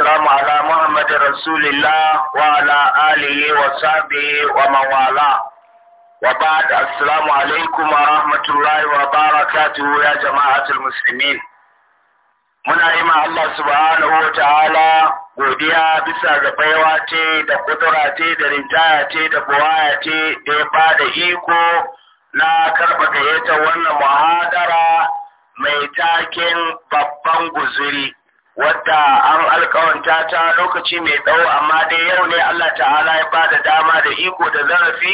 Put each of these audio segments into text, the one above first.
والسلام على محمد رسول الله وعلى آله وصحبه ومن والاه وبعد السلام عليكم ورحمة الله وبركاته يا جماعة المسلمين muna yi ma Allah subhanahu wa ta'ala godiya bisa ga baiwa ce da kudura ce da rinjaya ce da buwaya ce da ya ba da iko na karɓa gayyatar wannan muhadara mai taken babban guzuri wadda an alkawanta ta lokaci mai tsawo amma dai yau ne Allah ta'ala ya bada dama da iko da zarafi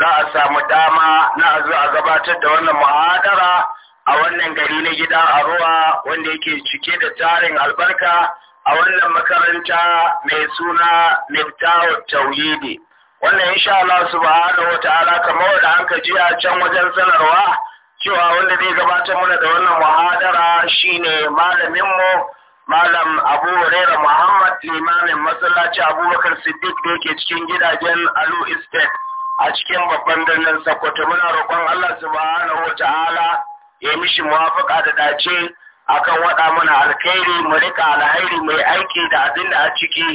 za a samu dama na a zo a gabatar da wannan muhadara a wannan gari na gida a ruwa wanda yake cike da tarin albarka a wannan makaranta mai suna Miftahu Tauhidi wannan insha Allah subhanahu wataala kamar da an kaji a can wajen sanarwa cewa wanda zai gabatar mana da wannan muhadara shine malamin mu malam abu huraira muhammad limamin masallaci abubakar siddiq da yake cikin gidajen alu estate a cikin babban birnin sokoto muna roƙon allah subhanahu wa ta'ala ya mishi muwafaka da dace akan waɗa mana alkhairi mu rika alhairi mai aiki da abin da a ciki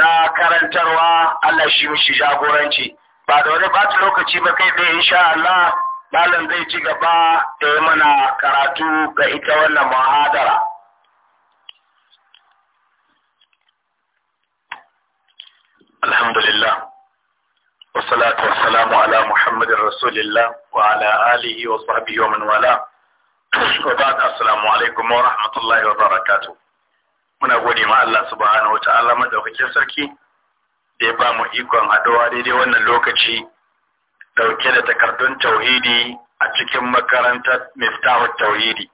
na karantarwa allah shi mishi jagoranci ba da wani ɓata lokaci ba kai da insha allah malam zai ci gaba da yi mana karatu ga ita wannan muhadara. الحمد لله والصلاة والسلام على محمد رسول الله وعلى آله وصحبه ومن والاه وبعد السلام عليكم ورحمة الله وبركاته muna gode ma Allah subhanahu wata'ala madaukakin sarki da ya ba mu ikon haɗuwa daidai wannan lokaci dauke da takardun tauhidi a cikin makarantar miftahut tauhidi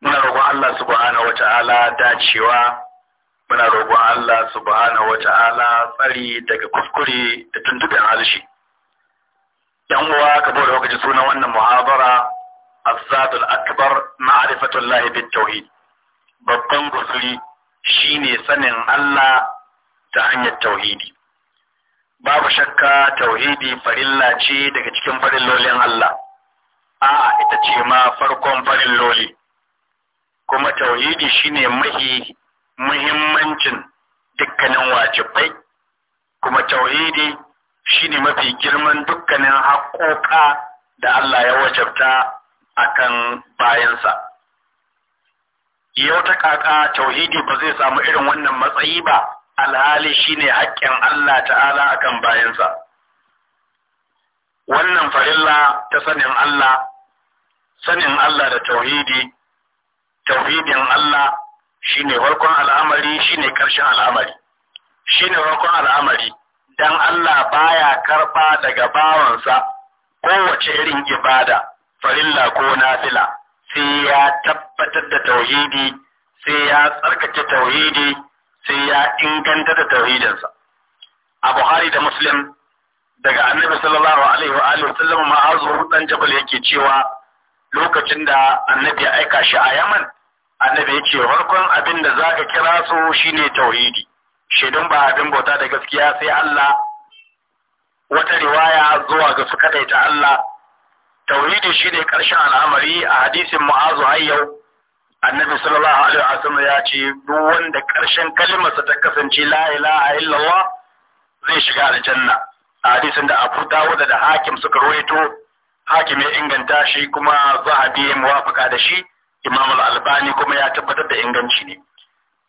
muna roƙon Allah subhanahu wata'ala dacewa muna roƙon Allah subhanahu wata'ala tsari daga kuskure da tuntuɓin halshi yan uwa ka bude lokaci sunan wannan muhabara a asadul akbar na arifatun lahibin tauhid babban gusuri ne sanin Allah ta hanyar tauhidi babu shakka tauhidi farilla ce daga cikin farillolin Allah a'a ita ce ma farkon farilloli kuma tauhidi shine mahi muhimmancin dukkanin wajibai kuma tauhidi shine mafi girman dukkanin haƙoƙa da Allah ya wajabta akan bayansa yau ta kaka tauhidi ba zai samu irin wannan matsayi ba alhali shine haƙƙin Allah ta'ala akan bayansa wannan farilla ta sanin Allah sanin Allah da tauhidi tauhidin Allah ne farkon al'amari ne karshen al'amari ne farkon al'amari dan Allah baya karɓa daga bawansa kowace irin ibada farilla ko nafila sai ya tabbatar da tauhidi sai ya tsarkake tauhidi sai ya inganta da tauhidinsa a Buhari da Muslim daga Annabi sallallahu alaihi wa alihi wasallam ma'azu dan Jabal yake cewa lokacin da Annabi ya aika shi a Yaman annabi ya farkon abin da za ka kira su shine tauhidi shaidun ba abin bauta da gaskiya sai Allah wata riwaya zuwa ga su ta Allah tauhidi shine karshen al'amari a hadisin mu'azu har yau annabi sallallahu alaihi wasallam ya ce duk wanda karshen kalmarsa ta kasance la ilaha zai shiga aljanna a hadisin da Abu Dawud da Hakim suka rawaito Hakim ya inganta shi kuma za a ya muwafaka da shi imam al-albani kuma ya tabbatar da inganci ne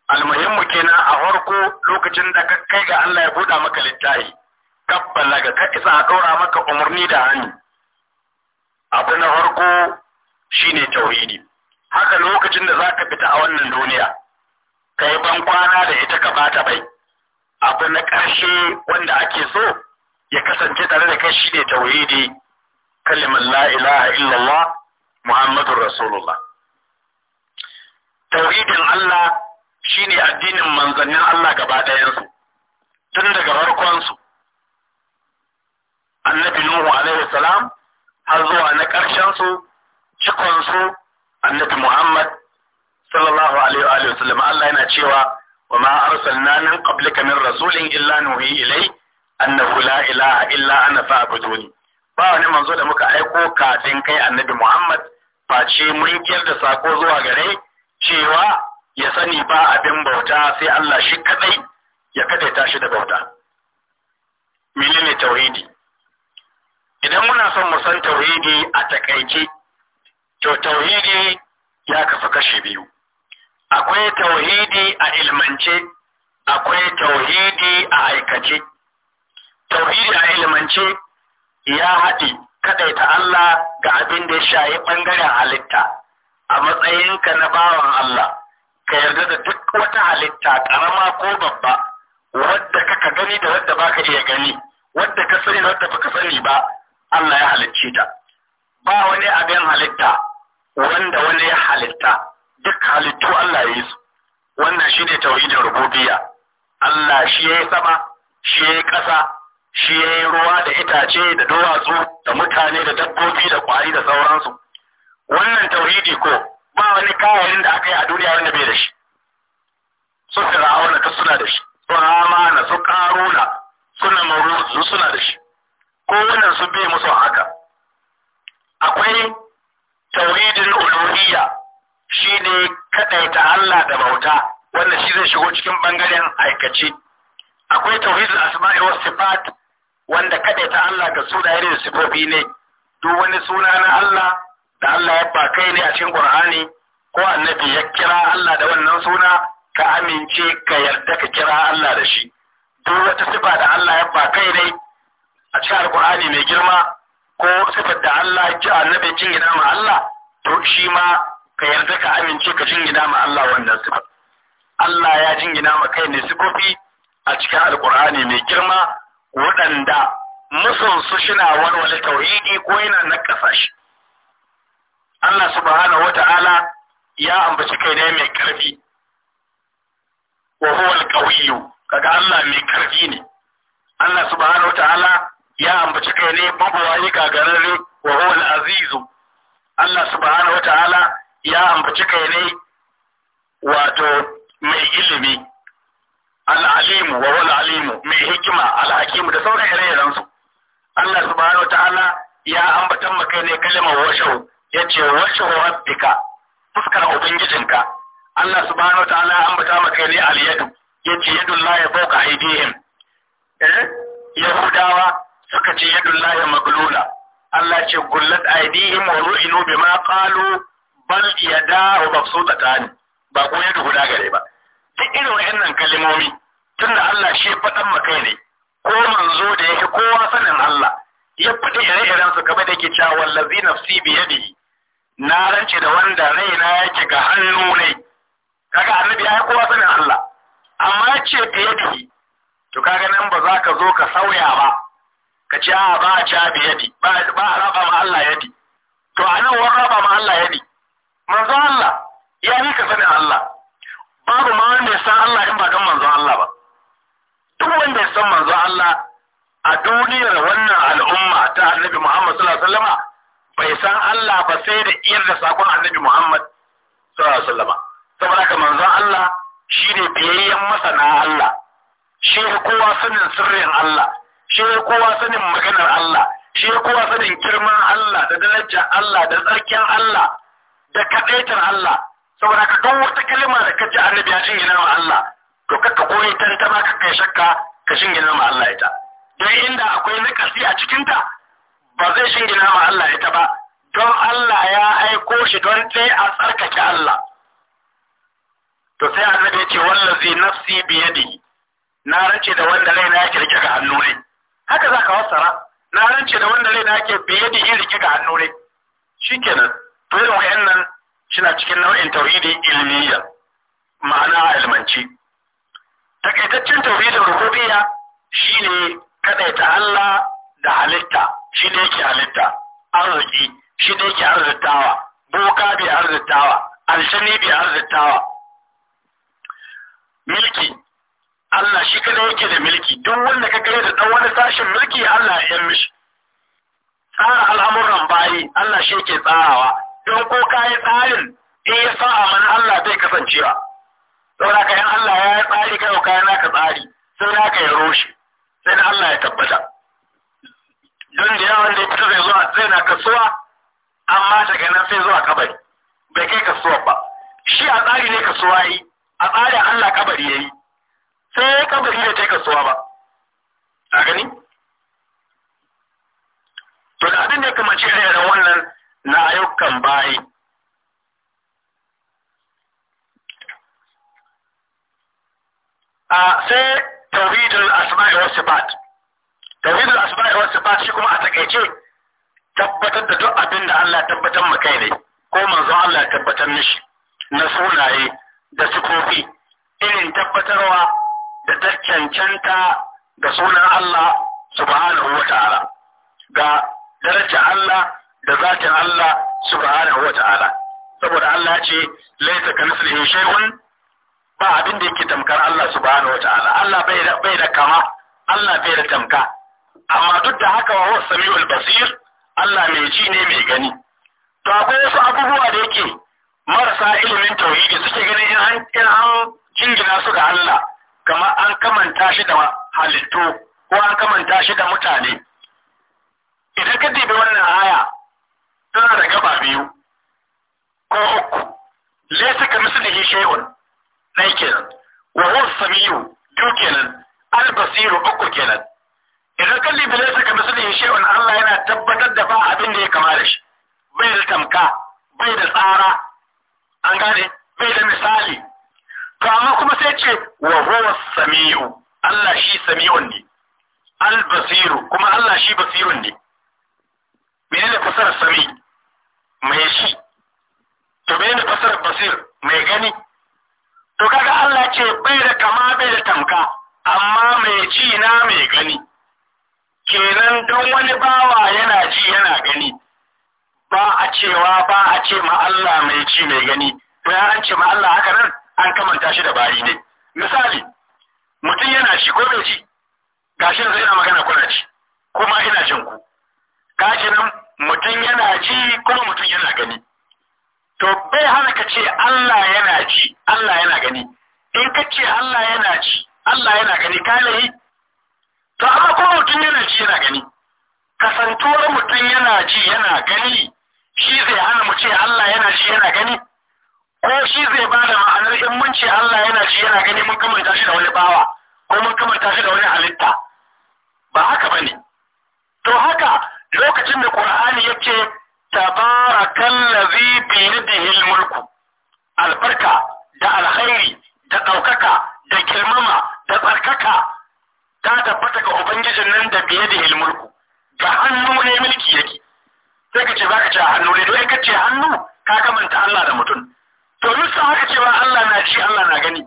almuhimmu kenan a farko lokacin da ka kai ga Allah ya buɗa maka littafi kabbala ga ka isa a ɗora maka umarni da hannu abu na farko shine tauhidi haka lokacin da zaka fita a wannan duniya kai ban kwana da ita ka bata bai abu na ƙarshe wanda ake so ya kasance tare da kai shine tauhidi kalimar la ilaha illallah muhammadur rasulullah tauhidin Allah shine addinin manzannin Allah gaba ɗayansu tun daga farkonsu annabi Nuhu alaihi salam har zuwa na ƙarshensu cikonsu annabi Muhammad sallallahu alaihi wa sallam Allah yana cewa wa ma arsalna min qablika min rasulin illa nuhi ilai annahu la ilaha illa ana fa'buduni ba wani manzo da muka aiko kafin kai annabi Muhammad face mun kiyar da sako zuwa gare cewa ya sani ba abin bauta sai Allah shi kadai ya kadaita shi da bauta menene tauhidi idan muna son mu san tauhidi a takaice to tauhidi ya kafa kashe biyu akwai tauhidi a ilmance akwai tauhidi a aikace tauhidi a ilmance ya haɗi kaɗaita Allah ga abin da ya shayi ɓangaren halitta a matsayinka na bawan Allah ka yarda da duk wata halitta karama ko babba wadda kaka gani da wadda baka iya gani wadda ka sani wadda wadda baka sani ba Allah ya halicci ta ba wani abin halitta wanda wani ya halitta duk halittu Allah ya yi su wannan shi ne tauhidin rububiyya Allah shi ya yi sama shi ya yi ƙasa shi ya yi ruwa da itace da duwatsu da mutane da dabbobi da kwari da sauransu wannan tauhidi ko ba wani kayayin da aka yi a duniya wanda bai da shi su fir'auna ta suna da shi su hamana su karuna suna maruzu suna da shi ko wannan su bai musu haka akwai tauhidin uluhiyya kadai ta Allah da bauta wanda shi zai shigo cikin bangaren aikace akwai tauhidul asma'i was sifat wanda ta Allah ga sunaye da sifofi ne duk wani suna na Allah da Allah ya ba kai ne a cikin Qur'ani ko annabi ya kira Allah da wannan suna ka amince ka yarda ka kira Allah da shi duk wata sifa da Allah ya ba kai ne a cikin Alƙur'ani mai girma ko sifar da Allah ya kira annabi jingina ma Allah to shi ma ka yarda ka amince ka jingina ma Allah wannan sifar Allah ya jingina ma kai ne sifofi a cikin Alƙur'ani mai girma waɗanda musun su shina walwale tauhidi ko yana nakasa shi Allah subhanahu wata'ala ya ambaci kai ne mai karfi wa huwa al qawiy kaga Allah mai karfi ne Allah subhanahu wata'ala ya ambaci kai ne wani gagararre wa huwa al-azizu Allah subhanahu wata'ala ya ambaci kai ne wato mai ilimi al-alimu wa huwa al-alimu mai hikima al hakim da sauran ire-irensu Allah subhanahu wata'ala ya ambata maka ne kalmar washau ya ce wasu rabbika fuskar ubangijinka Allah subhanahu wataala an bata maka ne al-yadu yace yadullahi fawqa aydihim eh yahudawa suka ce yadullahi maglula Allah ce gullat aydihim wa ru'inu bima qalu bal yadahu mabsutatan ba ko yadu guda gare ba duk irin wannan kalmomi tunda Allah shi fadan maka ne ko manzo da yake kowa sanin Allah ya fadi ire-iren su kamar da yake cewa wallazi nafsi bi yadihi na rance da wanda na yake ga hannu ne kaga annabi ya kowa sanin Allah amma ce yadi. to kaga nan ba za ka zo ka sauya ba ka ce a ba a ci biyadi ba a raba ma Allah yadi to a nan wani raba ma Allah yadi manzo Allah ya ni ka sanin Allah babu ma wanda ya san Allah in ba kan manzo Allah ba duk wanda ya san manzo Allah a duniyar wannan al'umma ta annabi Muhammad sallallahu alaihi wasallama bai san Allah ba sai da iyar da sakon annabi Muhammad sallallahu alaihi wasallam saboda haka manzon Allah shine biyayyen masana Allah shi kowa sanin sirrin Allah shi kowa sanin maganar Allah shi kowa sanin kirman Allah da darajar Allah da tsarkin Allah da kadaitar Allah saboda ka don wata kalma da ka ji annabi ya shingina wa Allah to kakka koyi tantama kai shakka ka shingina ma Allah ita don inda akwai nakasi a cikin ta ba zai shingina ma Allah ita ba don Allah ya aiko shi don sai a tsarkake Allah to sai annabi ya ce wallazi nafsi biyadi na rance da wanda raina yake rike ga hannu ne haka za ka wasara na rance da wanda raina yake biyadi in rike ga hannu ne shikenan to irin wayannan suna cikin nau'in tauhidi ilmiya ma'ana a ilmanci takaitaccen tauhidin rububiyya shine kadaita Allah da halitta shi ne ke halitta arziki shi ne ke arzitawa boka bai arzitawa alshani bai arzitawa milki Allah shi kada yake da milki duk wanda ka kare da dan wani sashin milki Allah ya yi mishi tsara al'amuran bayi Allah shi yake tsarawa don ko ka yi tsarin in ya sa'a mana Allah zai kasancewa saboda kayan Allah ya yi tsari kai yi naka tsari sai naka ya roshi sai Allah ya tabbata don da yawon da ita zai zuwa zai na kasuwa amma daga nan sai zuwa kabari bai kai kasuwa ba shi a tsari ne kasuwa yi a tsarin Allah kabari yi, sai ya kabari da ta kasuwa ba a gani to da abin da ya kamace irin wannan na ayyukan bayi a sai tauhidul asma'i was sifat tauhidul asma'i wa sifat shi kuma a takaice tabbatar da duk abin da Allah tabbatar ma kai ne ko manzon Allah tabbatar mishi na sunaye da sifofi irin tabbatarwa da ta cancanta ga sunan Allah subhanahu ga daraja Allah da zatin Allah subhanahu saboda Allah ce laisa ka mislihi shay'un ba abin da yake tamkar Allah subhanahu Allah bai da kama Allah bai da tamka amma duk da haka wa huwa samiul basir Allah mai ji ne mai gani to akwai wasu abubuwa da yake marasa ilimin tauhidi suke ganin in an in an jingina su ga Allah kamar an kamanta shi da halittu ko an kamanta shi da mutane idan ka dibi wannan aya tana da gaba biyu ko uku laysa ka mislihi shay'un dai kenan wa huwa samiu kenan al uku kenan idan kalli bi laysa ka shi shay'un Allah yana tabbatar da ba abin da ya kama da shi bai da tamka bai da tsara an gane bai da misali to amma kuma sai ce wa huwa samiu Allah shi sami'un ne al basiru kuma Allah shi basirun ne ne fasar sami mai shi to ne fasar basir mai gani to kaga Allah ce bai da kama bai da tamka amma mai ji na mai gani kenan don wani bawa yana ji yana gani ba a cewa ba a ce ma Allah mai ci mai gani to ya an ce ma Allah haka nan an kamanta shi da bayi ne misali mutum yana ci ko bai ci gashi yanzu yana magana kuna ci kuma ina jin ku gashi nan mutum yana ji kuma mutum yana gani to bai hana ka ce Allah yana ji Allah yana gani in ka ce Allah yana ji Allah yana gani ka lahi to amma ko mutum yana ji yana gani kasantuwar mutum yana ji yana gani shi zai hana mu ce Allah yana ji yana gani ko shi zai ba da ma'anar in mun ce Allah yana ji yana gani mun kamanta shi da wani bawa ko mun kamanta shi da wani halitta ba haka ba ne. to haka lokacin da ƙur'ani yake tabarakallazi bi yadihi mulku albarka da alkhairi da ɗaukaka, da kirmama da tsarkaka ta tabbata ga ubangijin nan da biye da ilmulku ga hannu ne mulki yake sai ka ce za ka ce hannu ne don ka ce hannu ka kamanta Allah da mutum to sa haka cewa Allah na ci Allah na gani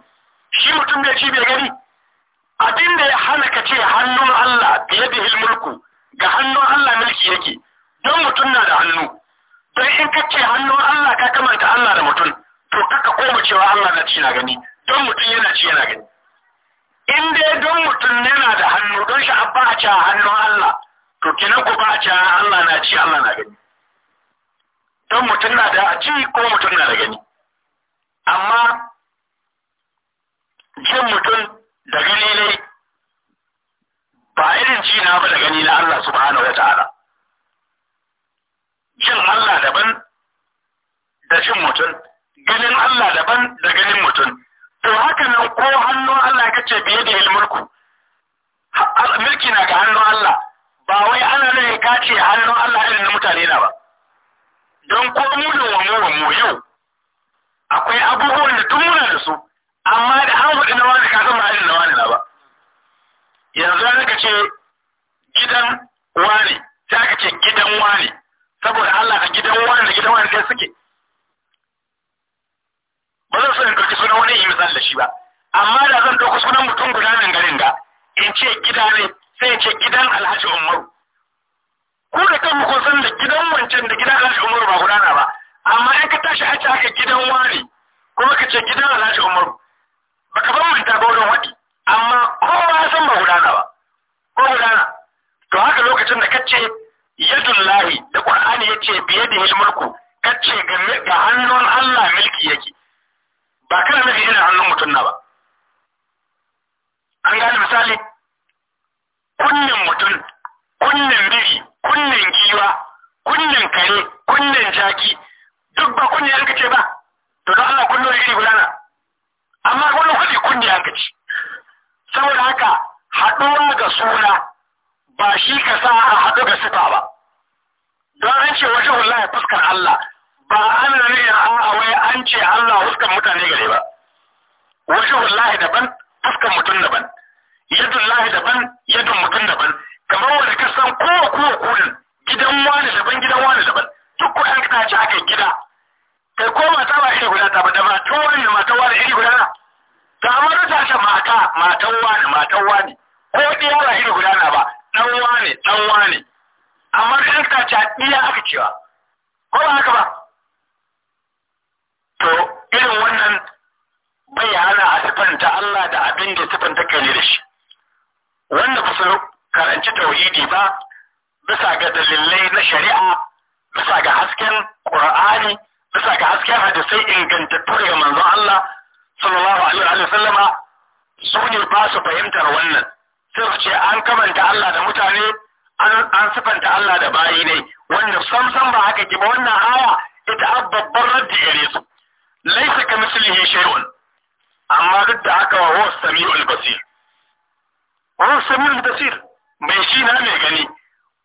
shi mutum bai ci bai gani abin da ya hana ka ce hannun Allah biye da ilmulku ga hannun Allah mulki yake don mutum na da hannu don in ka ce hannun Allah ka kamanta Allah da mutum to kaka koma cewa Allah na ci na gani don mutum yana ci yana gani in dai don mutum yana da hannu don shi abba a hannun Allah to kenan ku ba a Allah na ci Allah na gani don mutum na da ci ko mutum na da gani amma jin mutum da gani ne ba irin ci na ba da gani na Allah subhanahu wa ta'ala ko ba haka ba to irin wannan bai hana a sifanta Allah da abin da sifanta kai da shi wanda ba su karanci tauhidi ba bisa ga dalilai na shari'a bisa ga hasken Qur'ani bisa ga hasken hadisai ingantattu daga manzon Allah sallallahu alaihi wa sallama su ne ba su fahimtar wannan sai ce an kamanta Allah da mutane an sifanta Allah da bayi ne wanda sam sam ba haka ki ba wannan aya ita babbar raddi gare su laisa ka mislihi shay'un amma duk da haka wa huwa samiul basir wa huwa samiul basir mai shi na mai gani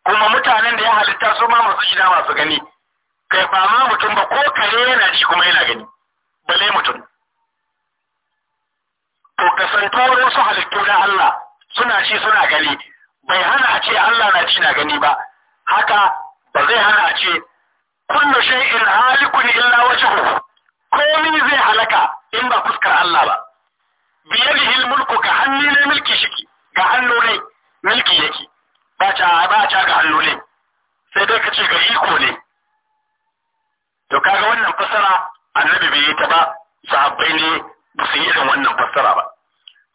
kuma mutanen da ya halitta su ma masu shida masu gani kai ba ma mutum ba ko kare yana ji kuma yana gani bale mutum to kasantuwar wasu halittu na Allah suna shi suna gani bai hana a ce Allah na ci na gani ba haka ba zai hana a ce kullu shay'in halikun illa wajhu komai zai halaka in ba fuskar Allah ba yadihi almulku ka hannu ne mulki shiki ga hannu ne mulki yake ba ta ba ta ga hannu ne sai dai ka ce ga iko ne to kaga wannan fasara annabi bai yi ta ba sahabbai ne ba su yi irin wannan fasara ba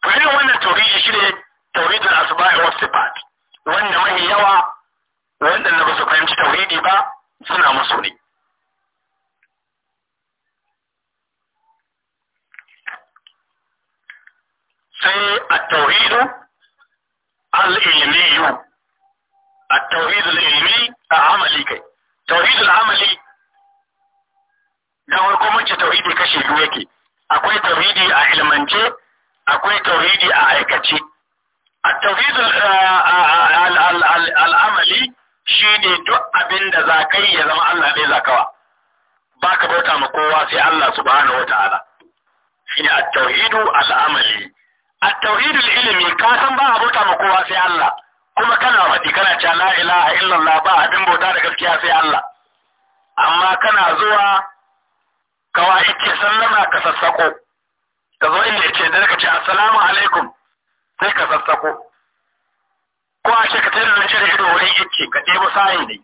to irin wannan shi ne shine da asbai wasu sifat wanda mahi yawa waɗanda ba su fahimci tauhidi ba suna musu ne sai a a العلمي التوحيد a amali kai. توحيد العملي da farko mun ce tauhidi kashe biyu yake akwai tauhidi a ilmance akwai tauhidi a aikace التوحيد al'amali shi ne duk abinda da za ka ya zama Allah ne za kawa, ba ka bauta ma kowa sai Allah subhanahu wa ta'ala. Shi ne attauhidu al'amali. Attauhidu ilimi, ka san ba a bauta ma kowa sai Allah, kuma kana faɗi kana cewa la ilaha illallah ba abin bauta da gaskiya sai Allah. Amma kana zuwa kawa ike sallama ka sassako, ka zo inda ce da ka ce 'asalamu alaikum. sai ka sassako ko a ce ka tare da shi da ido wurin yake ka ba sayin ne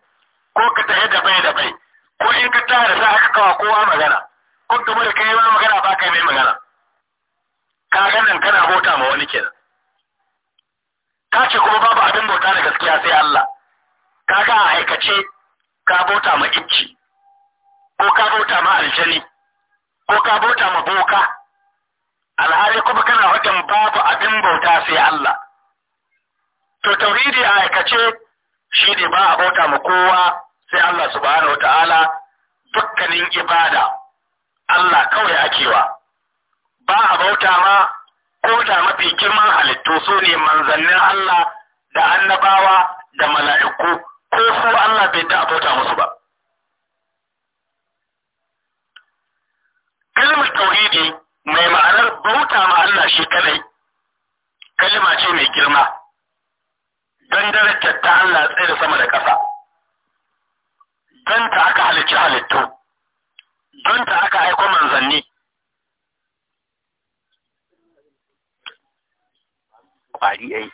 ko ka tare da bai da bai ko in ka tare da ka kawo kowa magana ko game da kai ma magana ba kai mai magana ka ga nan kana bauta ma wani kenan ka ce kuma babu abin bauta da gaskiya sai Allah ka ga a aikace ka bauta ma inci ko ka bauta ma aljani ko ka bauta ma boka alhali kuma kana hukun babu abin bauta sai Allah to tauhidi a aikace shi ne ba a bauta ma kowa sai Allah subhanahu Wata'ala, dukkanin ibada Allah kawai akewa ba a bauta ma ko da mafi girman halittu su ne manzannin Allah da annabawa da mala'iku ko su Allah bai da bauta musu ba kalmar tauhidi mai ma'anar bauta ma Allah shi kadai kalma ce mai girma don darajar ta Allah tsaye da sama da ƙasa don ta aka halicci halittu don ta aka aiko manzanni kwari ai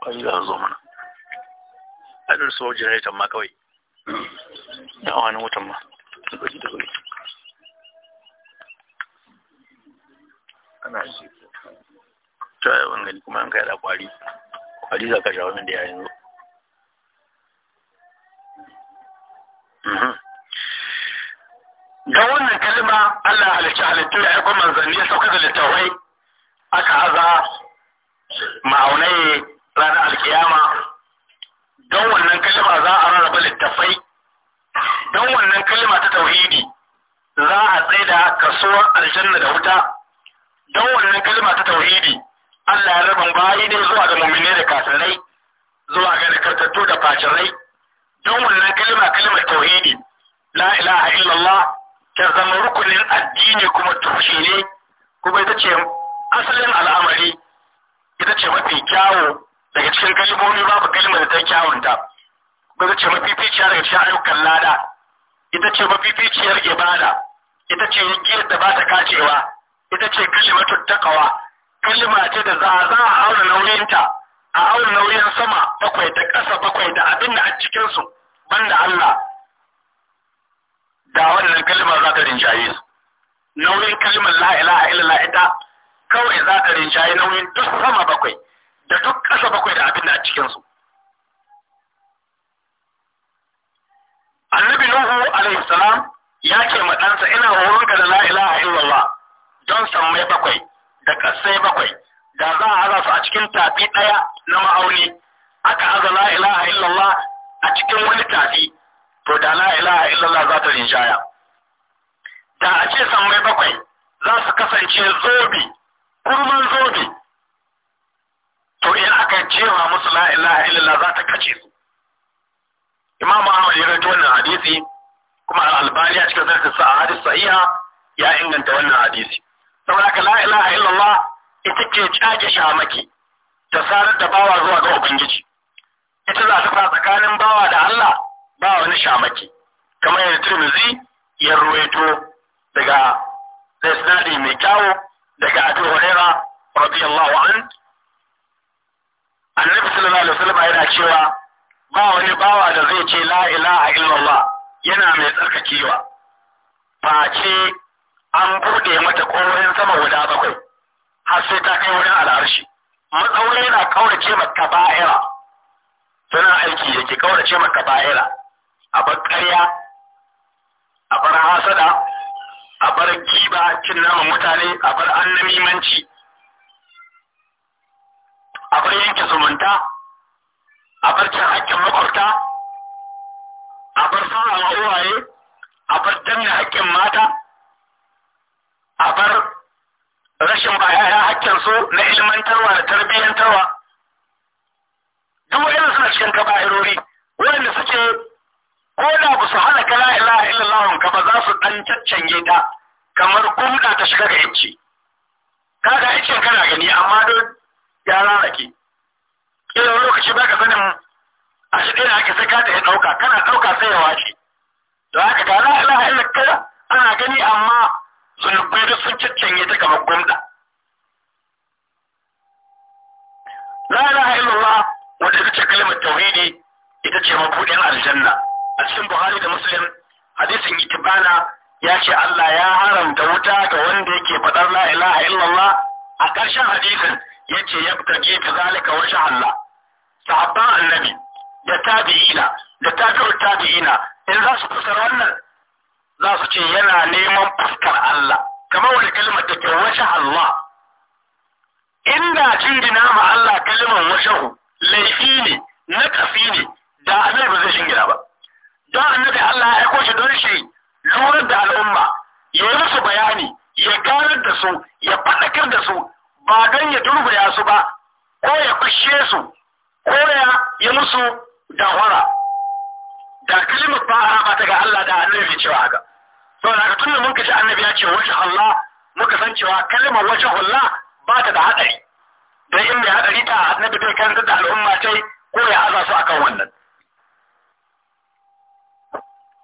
kwari za zo mana adar sojin generator ma kawai da wani wutan ma da kwari da kwari ana ji ko to ai wannan kuma an kai da kwari kwari za ka shawo min da yayin mhm. da wannan kalma Allah halicci halittu ya aiko manzanni ya sauka da littawai aka haza ma'aunai ranar alkiyama don wannan kalma za a rarraba littafai don wannan kalma ta tauhidi za a tsaida kasuwar aljanna da wuta don wannan kalma ta tauhidi Allah ya rabin bayi ne zuwa ga mummune da kasarai zuwa ga nakartattu da fajirai don wannan kalma kalmar tauhidi la ilaha illallah ta zama rukunin addini kuma tushe ne kuma ita ce asalin al'amari ita ce mafi kyawo daga cikin kalmomi babu kalmar da ta kyawunta ita ce mafificiya daga cikin ayyukan lada ita ce mafificiyar ibada ita ce giyar da ba ta kacewa ita ce kalimatut takawa kalma ce da za za a auna nauyinta a auna nauyin sama bakwai da ƙasa bakwai da abin da a cikin su banda Allah da wannan kalmar za ta rinjaye su nauyin kalmar la ilaha illallah ita kawai za ta rinjaye nauyin duk sama bakwai da duk ƙasa bakwai da abin da a cikin su annabi nuhu alaihi salam ya ce ma ɗansa ina horonka da la ilaha illallah don sammai bakwai da kasai bakwai da za a haza su a cikin tafi ɗaya na ma'auni aka haza la ilaha illallah a cikin wani tafi to da la ilaha illallah za ta rinjaya da a ce sammai bakwai za su kasance zobe kurman zobe to in aka wa musu la ilaha illallah za ta kace su imam ahmad ya rawaito wannan hadisi kuma al-albani a cikin sa hadisi sahiha ya inganta wannan hadisi saboda ka la ilaha illallah ita ce caje shamaki ta sarar da bawa zuwa ga ubangiji ita za ta sa tsakanin bawa da Allah ba wani shamaki kamar yadda Tirmidhi ya ruwaito daga Isnadi mai kyawu daga Abu Hurairah radiyallahu an Annabi sallallahu alaihi wasallam yana cewa ba wani bawa da zai ce la ilaha illallah yana mai tsarkakewa face an buɗe mata ƙorin sama guda bakwai har sai ta kai wurin al'arshi matsauri yana kaurace ma kaba'ira suna aiki ke kaurace ma kaba'ira a bar ƙarya a bar hasada a bar giba cin naman mutane a bar annamimanci a bar yanke zumunta a bar cin hakkin makwabta a bar sa'a uwaye a bar danna hakkin mata a bar rashin ba yaya hakkinsu na ilmantarwa da tarbiyyantarwa duk wani suna cikin irori wanda suke ko da ba su hana kala ilaha illallah ka ba za su dan caccanye ta kamar gumda ta shiga ga yanci kaga aikin kana gani amma don yara ake kila lokaci baka sanin a shi ɗaya ake sai ka ta ya ɗauka kana ɗauka sai ya wace don haka ga la ilaha illallah ana gani amma zargo da sun caccanye ta kamar gwamna la ilaha illallah wanda ita ce kalmar tauhidi ita ce mabuɗin aljanna a cikin buhari da muslim hadisin itibana ya ce Allah ya haramta wuta ga wanda yake faɗar la ilaha illallah a ƙarshen hadisin ya ce ya fitaje ta zalika wa Allah sahabban annabi da tabi'ina da tabi'ut tabi'ina in za su kusa wannan za su ce yana neman fuskar Allah kamar wani kalmar ke washe Allah inda jingina ma Allah kalmar washahu laifi ne na kafi ne da annabi ba zai gina ba don annabi Allah ya aiko shi don shi lura da al'umma ya yi musu bayani ya ganar da su ya faɗakar da su ba don ya durbaya su ba ko ya fushe su ko ya yi musu dawara da kalimar ba ba ta ga Allah da annabi cewa haka saboda tun da mun kace annabi ya ce wajh Allah muka san cewa kalmar wajh Allah ba ta da hadari dan in mai hadari ta annabi zai kan da al'umma yi, ko ya aza su akan wannan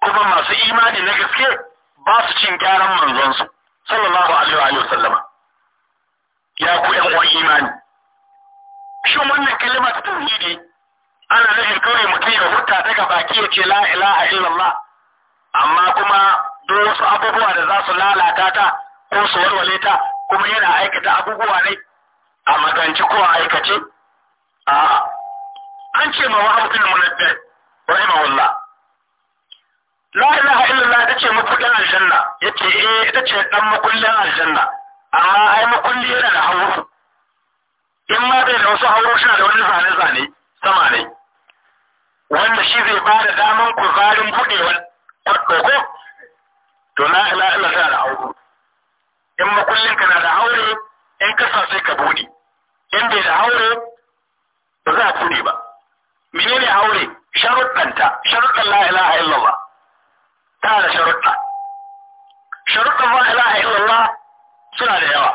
kuma masu imani na gaske ba su cin gyaran manzon su sallallahu alaihi wa sallam ya ku yan uwan imani shin wannan kalma ta tauhidi ana nufin kawai mutum ya huta daga baki ya ce la ilaha illallah amma kuma duk wasu abubuwa da za su lalata ta ko su warware ta kuma yana aikata abubuwa ne a maganci ko a aikace a an ce ma wahabu bin munaddar rahimahullah la ilaha illallah ta ce makullin aljanna yace eh ita ce dan makullin aljanna amma ai makulli yana da hauru in ma bai da wasu hauru shi da wani zane zane sama ne wanda shi zai daman ku daman kuzarin buɗewar ko. to na ila ila tana da aure in makullin ka na da aure in kasa sai ka bude in bai da aure ba za a bude ba menene aure sharuɗanta sharuɗan la ilaha illallah ta da sharuɗa sharuɗan la ilaha illallah suna da yawa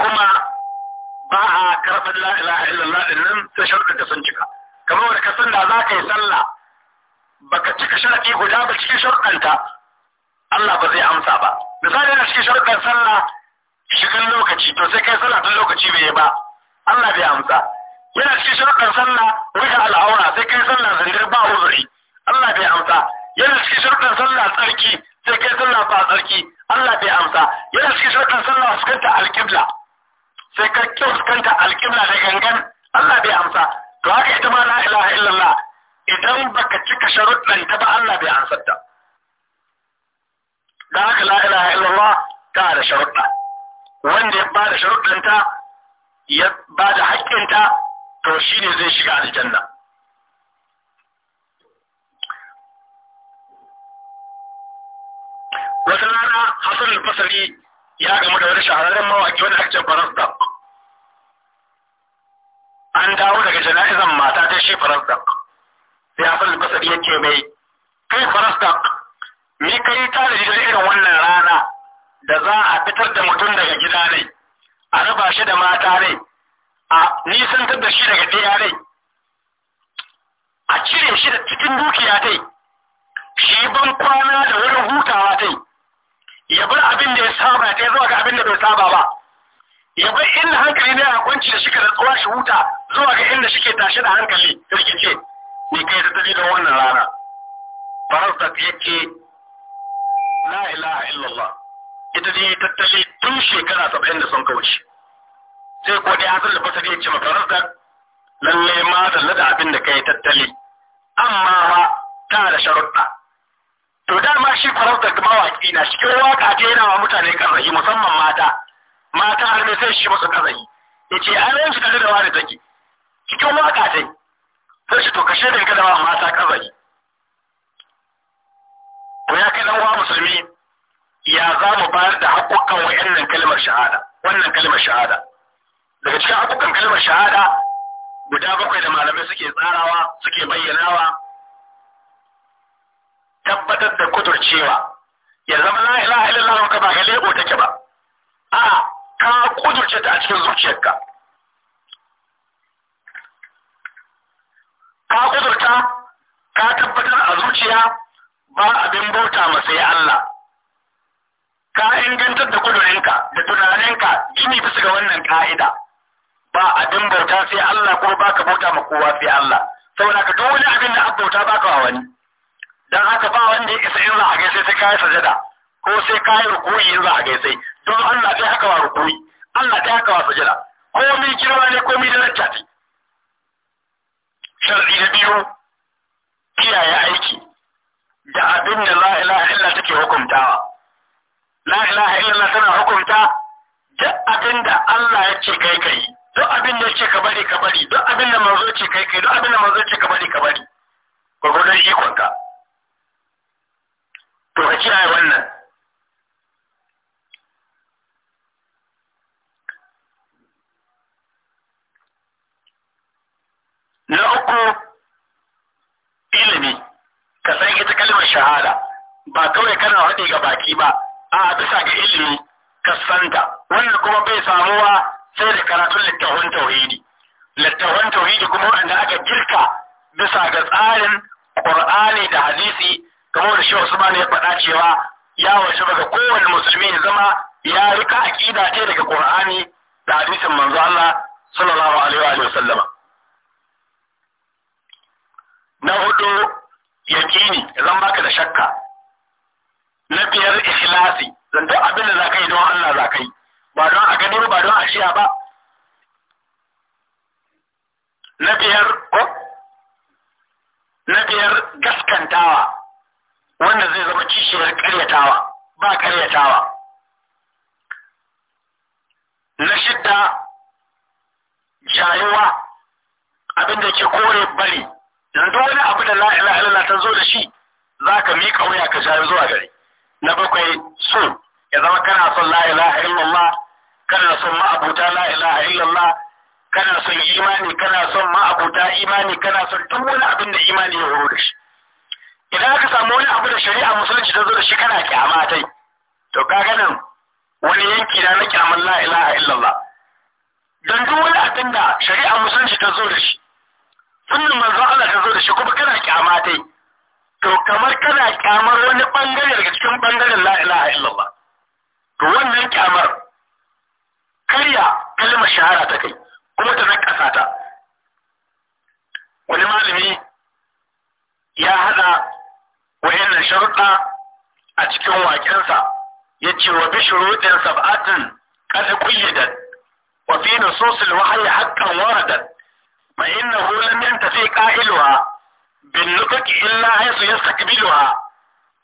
kuma ba a karɓar la ilaha illallah din nan sai sharuɗin da sun cika kamar wanda ka san da za ka yi sallah baka cika sharaɗi guda ba cikin sharuɗanta Allah ba zai amsa ba misali yana cikin sharuɗan sallah shigan lokaci to sai kai sallah tun lokaci bai yi ba Allah bai amsa yana cikin sharuɗan sallah rufe al'aura sai kai sallah zindir ba uzuri Allah bai amsa yana cikin sharuɗan sallah tsarki sai kai sallah ba tsarki Allah bai amsa yana cikin sharuɗan sallah fuskanta alƙibla sai ka kyau fuskanta alƙibla da gangan Allah bai amsa to haka ita ma la ilaha illallah idan baka cika sharuɗan ta ba Allah bai amsa ta ذاك لا إله إلا الله تعالى شرطة وان دي بعد شرط انت بعد حق انت توشيني زي شكا الجنة وثلانا حصل الفصلي يا كما تقول الشهر لما وأكيوان حق جبر الضب عن داود جنائز ما تاتي شي فرصدق في حصل الفصلي يكيو بي كيف فرصدق ni kai ta da gidan irin wannan rana da za a fitar da mutum daga gida ne a raba shi da mata ne a nisantar da shi daga ɗaya ne a cire shi da cikin dukiya ta shi ban kwana da wurin hutawa ta ya bar abin da ya saba ta zuwa ga abin da bai saba ba ya bar inda hankali ne a kwanci da shi ka tsuwa shi huta zuwa ga inda shike tashi da hankali rikice ni kai ta tafi da wannan rana ta yake la ilaha illallah ita ne tattali tun shekara saba'in da sun kauce sai ko dai hasan da basari ya ce mafarautar lalle ma da lada abin da kai tattali amma ma ta da sharuɗa to da ma shi farautar mawaƙi na cikin waƙa ta yana wa mutane ƙarfi musamman mata mata har ne sai shi musu ƙarfi ya ce ai wani shi da wani take cikin waka ta yi sai shi to kashe da ka da mata ƙarfi ko ya kai dan uwa musulmi ya za mu bayar da haƙƙoƙan wa'annan kalmar shahada wannan kalmar shahada daga cikin haƙƙoƙan kalmar shahada guda bakwai da malamai suke tsarawa suke bayyanawa tabbatar da kudurcewa ya zama la ilaha illallah ka ba lebo take ba a ka kudurce ta a cikin zuciyarka ne bisa ga wannan ka'ida ba a bauta sai Allah kuma baka bauta ma kowa sai Allah saboda ka duk wani abin da an bauta baka wa wani dan haka ba wanda ya isa in za a gaisai sai kai sajada ko sai kai rukuyi in za a gaisai don Allah sai haka wa rukuyi Allah sai haka wa sajada ko mun kira ne ko komai da lacca sharɗi na biyu kiyaye aiki da abin da la ilaha illa take hukuntawa la ilaha illa tana hukunta duk abin da Allah ya ce kai kai duk abin da ya ce ka bari ka bari duk abin da manzo ce kai kai duk abin da manzo ce ka bari ka bari dai ikon ka to ka kiyaye wannan na uku ilimi ka san ita kalmar shahada ba kawai kana haɗe ga baki ba a bisa ga ilimi kassanta wannan kuma bai samuwa sai da karatun littafin tauhidi littafin tauhidi kuma wanda aka girka bisa ga tsarin qur'ani da hadisi kamar da shehu usman ya faɗa cewa ya wace daga kowane musulmi ya zama ya rika aqida ce daga qur'ani da hadisin manzo Allah sallallahu alaihi wa wasallama na hudu yakini zan baka da shakka na biyar ikhlasi don duk abin da za ka yi don Allah za ka yi ba don a gani ba don a shiya ba na biyar ko na biyar gaskantawa wanda zai zama kishiyar karyatawa ba karyatawa na shidda jayuwa abin da ke kore bari yanzu wani abu da la ta zo da shi za ka miƙa wuya ka jayu zuwa gari na bakwai so ya zama kana son la ilaha illallah kana son ma'abuta la ilaha illallah kana son imani kana son ma'abuta imani kana son duk wani abin da imani ya horo da shi idan aka samu wani abu da shari'a musulunci ta zo da shi kana kyama tai to ka nan wani yanki na na kyaman la ilaha illallah don duk wani abin da shari'a musulunci ta zo da shi sunnin manzo Allah ta zo da shi kuma kana kyama tai to kamar kana kyamar wani bangare daga cikin bangaren la ilaha illallah to wannan kyamar karya kalmar shahara ta kai kuma ta nakasa ta wani malami ya hada wayannan sharuɗa a cikin wakensa ya ce wa bi shuruɗin sab'atin qad qayyadat wa fi nususil wahyi haqqan waradat ma innahu lam yantafi qailuha بالنطق إلا حيث يستقبلها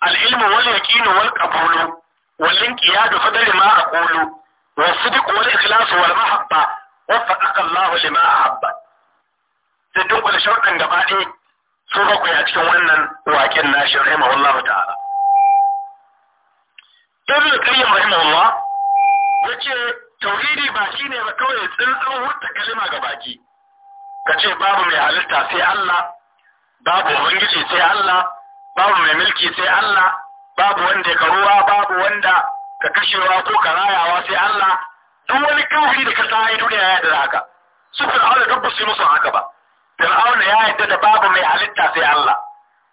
العلم واليقين والقبول والانقياد فضل ما أقول والصدق والإخلاص والمحبة وفقك الله لما أحب sai dunkula sharuɗin gaba ɗaya su bakwai a cikin wannan waken nashi rahimahullahu ta'ala ibn qayyim rahimahullah yace tauhidi ba shine ba kawai tsintsan hurta kalima ga baki kace babu mai halitta sai Allah babu ubangiji sai Allah babu mai mulki sai Allah babu wanda ka ruwa babu wanda ka kashewa ko ka rayawa sai Allah duk wani kafiri da ka sa ya duniya ya da haka su fir'auna duk su musu haka ba fir'auna ya yarda da babu mai halitta sai Allah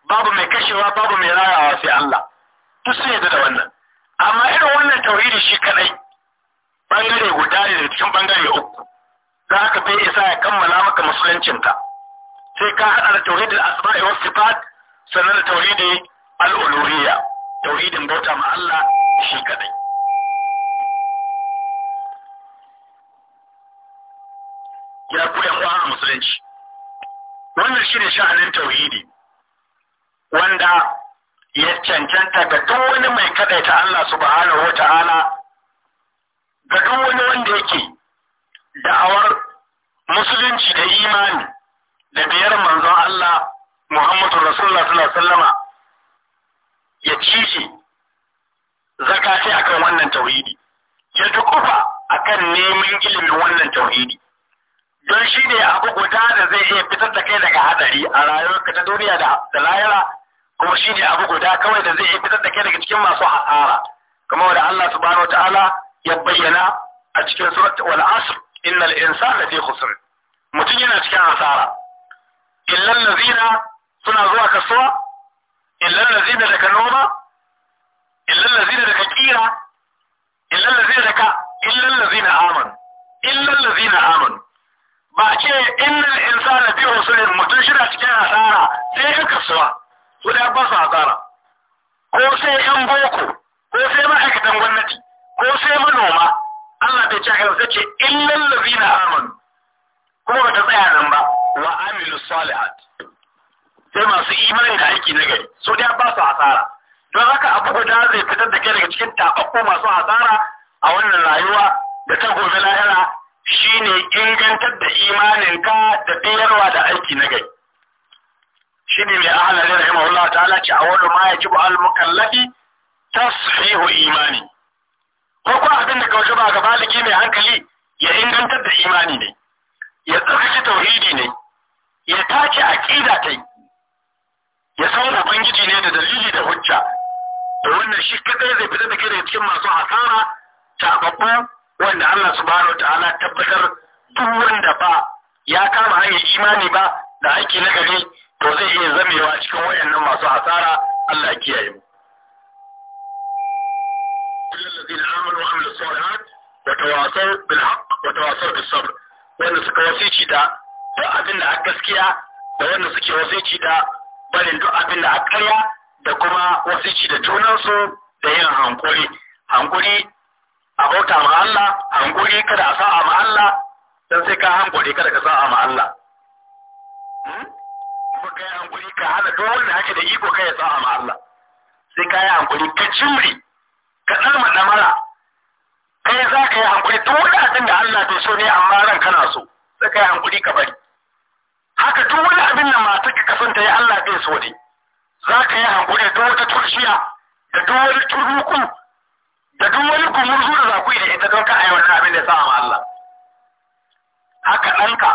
babu mai kashewa babu mai rayawa sai Allah duk sai yarda da wannan amma irin wannan tauhidi shi kadai bangare guda ne da cikin bangare uku za ka bai isa ya kammala maka musuluncinka sai ka haɗa da tauhidin asma'i wa sifat sannan da tauhidin al'uluhiyya tauhidin bauta ma Allah shi kadai ya ku yan uwa musulunci wannan shine sha'anin tauhidi wanda ya cancanta ga duk wani mai kadaita Allah subhanahu wata'ala ga duk wani wanda yake da'awar musulunci da imani da biyar manzon Allah Muhammadu Rasulullah sallallahu alaihi wasallama ya ci shi zakati akan wannan tauhidi ya dukufa akan neman ilimin wannan tauhidi don shi ne abu guda da zai iya fitar da kai daga hadari a rayuwarka ta duniya da lahira kuma shi ne abu guda kawai da zai iya fitar da kai daga cikin masu hasara kamar da Allah subhanahu wataala ya bayyana a cikin surat wal asr innal insana fi khusr mutum yana cikin hasara illan lazina suna zuwa kasuwa illan lazina daga noma illan lazina daga kira illan lazina daga illan lazina aman illan lazina aman ba a ce innal insana bi usulin mutum shida cikin hasara sai yan kasuwa su da ba su hasara ko sai yan boko ko sai ma'aikatan gwamnati ko sai manoma Allah bai ce haka sai ce illal lazina aman kuma ba ta tsaya nan ba wa amilu salihat sai masu imanin da aiki na gari su da ba su hasara don haka abu guda zai fitar da kai daga cikin tabakko masu hasara a wannan rayuwa da ta gobe lahira shine ingantar da imaninka da ɗayarwa da aiki na gari ne mai ahalari rahimahullah ta'ala ce a wani ma ba al mukallafi tashihu imani ko ko abin da kawai ba ga baliki mai hankali ya ingantar da imani ne ya tsarkake tauhidi ne ya tace aqida ta yi ya san ubangiji ne da dalili da hujja to wannan shi kadai zai fita da kai daga cikin masu hasara tababbu wanda Allah subhanahu wataala tabbatar duk wanda ba ya kama hanyar imani ba da aiki na gari to zai iya zamewa cikin wayannan masu hasara Allah ya kiyaye mu الذين آمنوا وعملوا الصالحات وتواصوا بالحق وتواصوا wanda suka سكوسيتي da. duk abin da a gaskiya da wanda suke wasici da barin duk abin da a karya da kuma wasici da junansu da yin hankuri hankuri a bauta ma Allah hankuri kada a sa'a ma Allah dan sai ka hankuri kada ka sa'a ma Allah hmm? kuma kai hankuri ka hana duk wanda ake da iko kai ya sa'a ma Allah sai ka yi hankuri ka cimri ka tsarma damara kai za ka yi hankuri duk wanda abin da Allah bai so ne amma ran kana so sai ka yi hankuri ka bari haka duk wani abin da matar ka kasanta ya Allah bai so dai za ka yi hankuri da wata turshiya da duk wani turuku da duk wani gumurzu da za ku yi da ita don ka a wannan abin da ya sama Allah haka ɗanka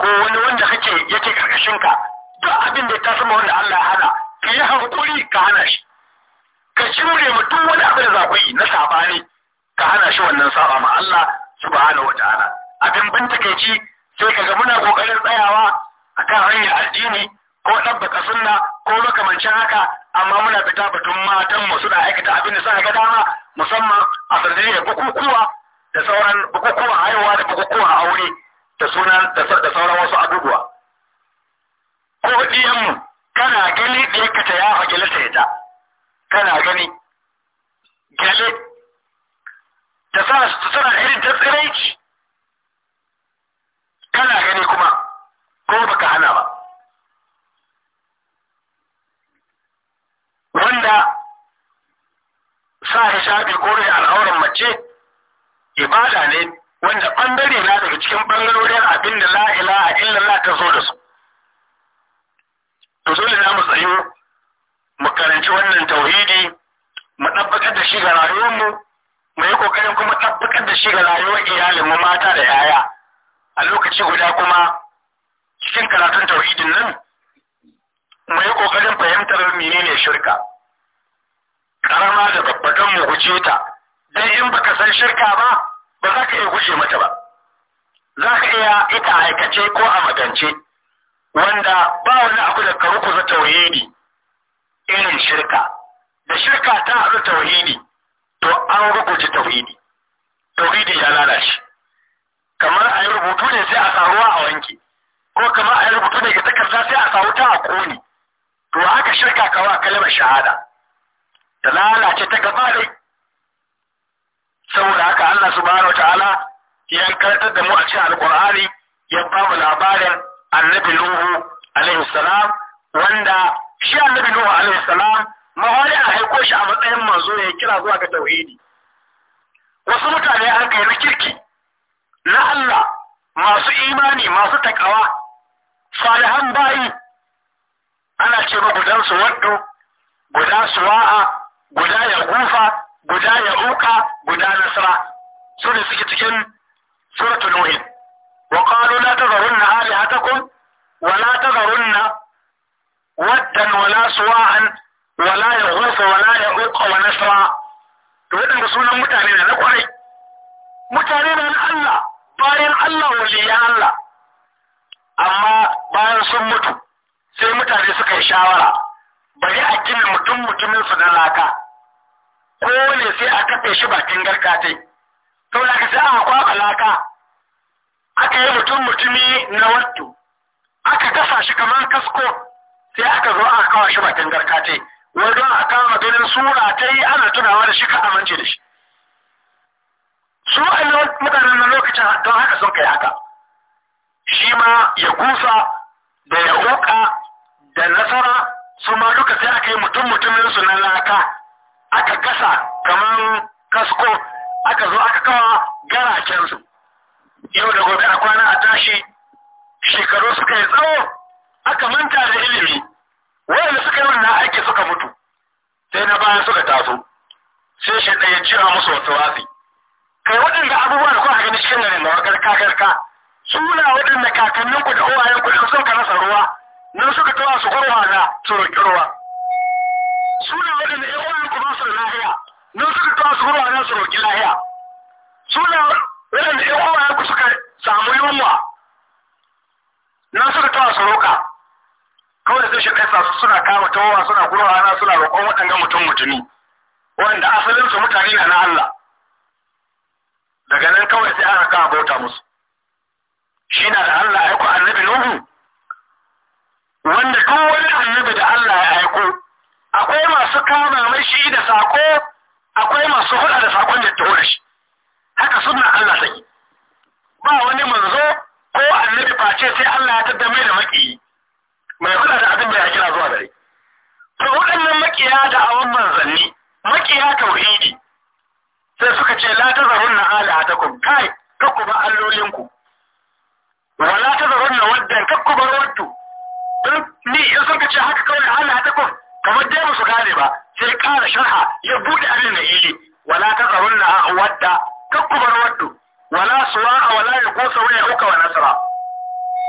ko wani wanda kake yake karkashinka duk abin da ya tafi wanda Allah ya hana ka yi hankuri ka hana shi ka jure mu duk wani abin da za ku yi na sabani ka hana shi wannan saba ma Allah subhanahu wataala abin ban takeici sai kaga muna kokarin tsayawa akan hanyar addini ko ɗabbaka sunna ko makamancin haka amma muna fita batun matan mu suna aikata abin da suka ga dama musamman a sanadiyar bukukuwa da sauran bukukuwa haihuwa da bukukuwa aure da sunan da sauran wasu abubuwa ko ɗiyan mu kana gani da yake ta yawa gele ta ita kana gani gele ta sa su suna irin ta tsiraici kana gani kuma ko baka hana ba wanda sa hijabi ko rai al'auran mace ibada ne wanda bangare na daga cikin bangarorin abin da la ilaha illallah ta zo da su to dole na mu tsayo mu karanci wannan tauhidi mu tabbatar da shi ga rayuwarmu mu yi kokarin kuma tabbatar da shi ga rayuwar iyalinmu mata da yaya a lokaci guda kuma cikin karatun tauhidin nan mu yi ƙoƙarin fahimtar menene shirka karama da babban mu guje ta dan in baka san shirka ba ba za ka iya guje mata ba za ka iya ita aikace ko a magance wanda ba wani abu da ka rukuza tauhidi irin shirka da shirka ta haɗu tauhidi to an rukuci tauhidi tauhidi ya lalace kamar a yi rubutu ne sai a tsaro a wanke ko kamar a yi rubutu ne ga takarda sai a sa ta a kone to haka shirka kawa kalmar shahada ta lalace ta gaba ne saboda haka Allah subhanahu wataala ya karantar da mu a cikin alqur'ani ya ba mu labarin annabi Nuhu alaihi salam wanda shi annabi Nuhu alaihi salam mawali a haiko shi a matsayin manzo ya kira zuwa ga tauhidi wasu mutane an kai na kirki na Allah masu imani masu takawa salihan bayi ana ce ma gudan su waddu guda suwa'a guda ya gufa guda ya uka guda nasara su ne suke cikin suratul nuhin wa qalu la tadharunna alihatakum wa la tadharunna waddan wa la suwa'an wa la yaghufa wa la yauqa wa nasra to wadanda sunan mutane ne na kwarai mutane ne na Allah bayan Allah ya Allah amma bayan sun mutu sai mutane suka yi shawara bari a gina mutum mutumin su na laka ko ne sai a kafe shi bakin garkatai to laka sai aka kwaba laka aka yi mutum mutumi na wattu aka gasa shi kamar kasko sai aka zo aka kawo shi bakin garkatai wai don a kama ganin sura ta yi ana tunawa da shi ka amince da shi su wa'annan mutanen na lokacin don haka sun kai haka shi ma ya gusa da ya huka da nasara su ma duka sai aka yi mutum mutumin su na laka aka gasa kamar kasko aka zo aka kawa garakensu. su yau da gobe a kwana a tashi shekaru suka yi tsawo aka manta da ilimi wanda suka yi wannan aiki suka mutu sai na bayan suka taso sai shi ɗaya cira musu wasu wasi kai waɗanda abubuwa da kuma gani cikin nan na karka karka suna waɗanda kakannin ku da uwayen ku sun ka rasa ruwa nan suka tawa su kurwa na su roƙi su suna waɗanda ƴan uwayen ku su lahiya nan suka tawa su kurwa na su roƙi lahiya suna waɗanda ƴan uwayen ku suka samu yunwa nan suka tawa su roka kawai sai shi ɗaya su suna kama tawa suna kurwa na suna roƙon waɗanda mutum mutumi wanda asalinsu mutane na na Allah daga nan kawai sai aka kawo bauta musu shi na da Allah ya aiko annabi Nuhu wanda duk wani annabi da Allah ya aiko akwai masu kama mai shi da sako akwai masu hulɗa da sakon da tura shi haka sunna Allah sai ba wani manzo ko annabi face sai Allah ya tada mai da maki mai hulɗa da abin da ya kira zuwa gare to waɗannan makiya da awon manzanni makiya tauhidi sai suka ce la tazarunna alihatakum kai kakku ba allolinku wa la tazarunna waddan kakku ba waddu ni in suka ce haka kawai alihatakum kamar dai musu gane ba sai ƙara sharha ya bude abin da yi wala tazarunna wadda kakku ba waddu wala suwa'a wala yaqusa wa yauka wa nasra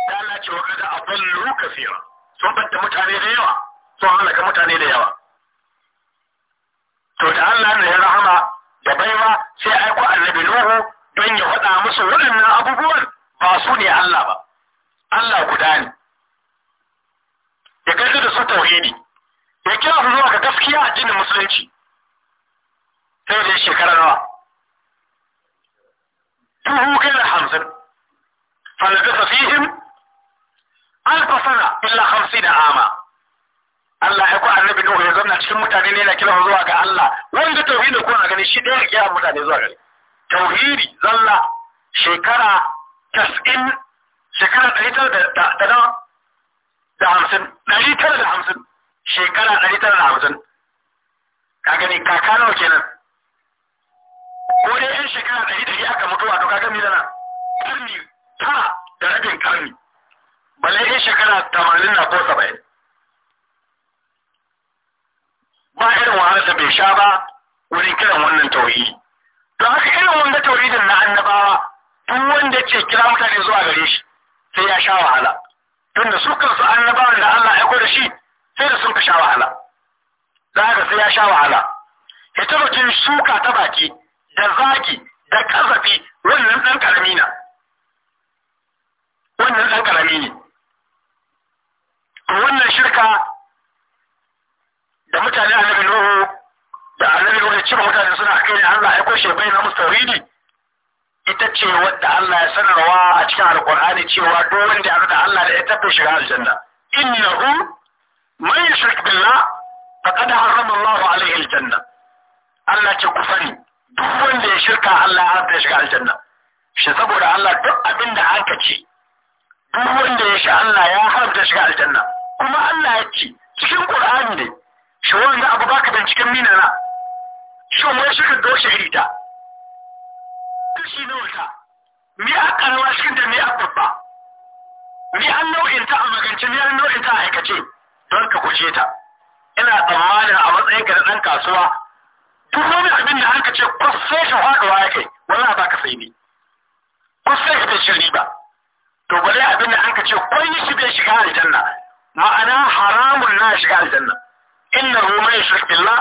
Allah ce wa kada adallu kaseera sun batta mutane da yawa sun halaka mutane da yawa to da Allah ne ya da baiwa sai aiko annabi Nuhu don ya faɗa musu waɗannan abubuwan ba su ne Allah ba Allah guda ne ya kai da su tauhidi ya kira su zuwa ga gaskiya addinin musulunci sai da shekara nawa duhu kai da hamsin falabisa fihim alfa illa hamsin da ama Allah ya ku annabi Nuhu ya zanna cikin mutane ne yana kira zuwa ga Allah wanda tauhidi ko a gani shi da ya kira mutane zuwa gare tauhidi zalla shekara tas'in, shekara tara da hamsin ɗari tara da hamsin shekara ɗari tara da hamsin ka gani kaka nawa kenan ko dai yan shekara ɗari ɗari aka mutuwa to kaga mi zana karni tara da rabin karni balai yan shekara tamanin na ko saba'in ba irin wahalar da bai sha ba wurin kiran wannan tauhidi don haka irin wanda tauhidin na annabawa duk wanda ce kira mutane zuwa gare shi sai ya sha wahala tunda su kansu annabawan da Allah ya aiko shi sai da sun ka sha wahala da haka sai ya sha wahala ita mutum shuka ta baki da zaki da kazafi wannan dan karami na wannan dan karami ne wannan shirka da mutane annabi Nuhu da annabi Nuhu ya cire mutane suna a kai Allah ya koshe bai na musu tauhidi ita ce wadda Allah ya sanarwa a cikin alkur'ani cewa duk wanda ya da Allah da ya tabbata shiga aljanna innahu man yushrik billah faqad harrama Allah alayhi aljanna Allah ce ku sani duk wanda ya shirka Allah ya haramta shiga aljanna shi saboda Allah duk abin da aka ce duk wanda ya shi Allah ya haramta shiga aljanna kuma Allah ya ce cikin Qur'ani ne shi wanda abu ka binciken mina na shi wani shi kan doshe hita kashi na wata? me a karawa shi da me a babba me an nau'in ta a magance me an nau'in ta a aikace don ka guje ta ina tsammanin a matsayin ka na ɗan kasuwa duk wani abin da an ka ce kwasso shi faɗuwa ya kai wala ba ka sai ni kwasso shi bai shi riba to bale abin da an ka ce kwai shi bai shiga aljanna ma'ana haramun na shiga aljanna innahu man yushrik billah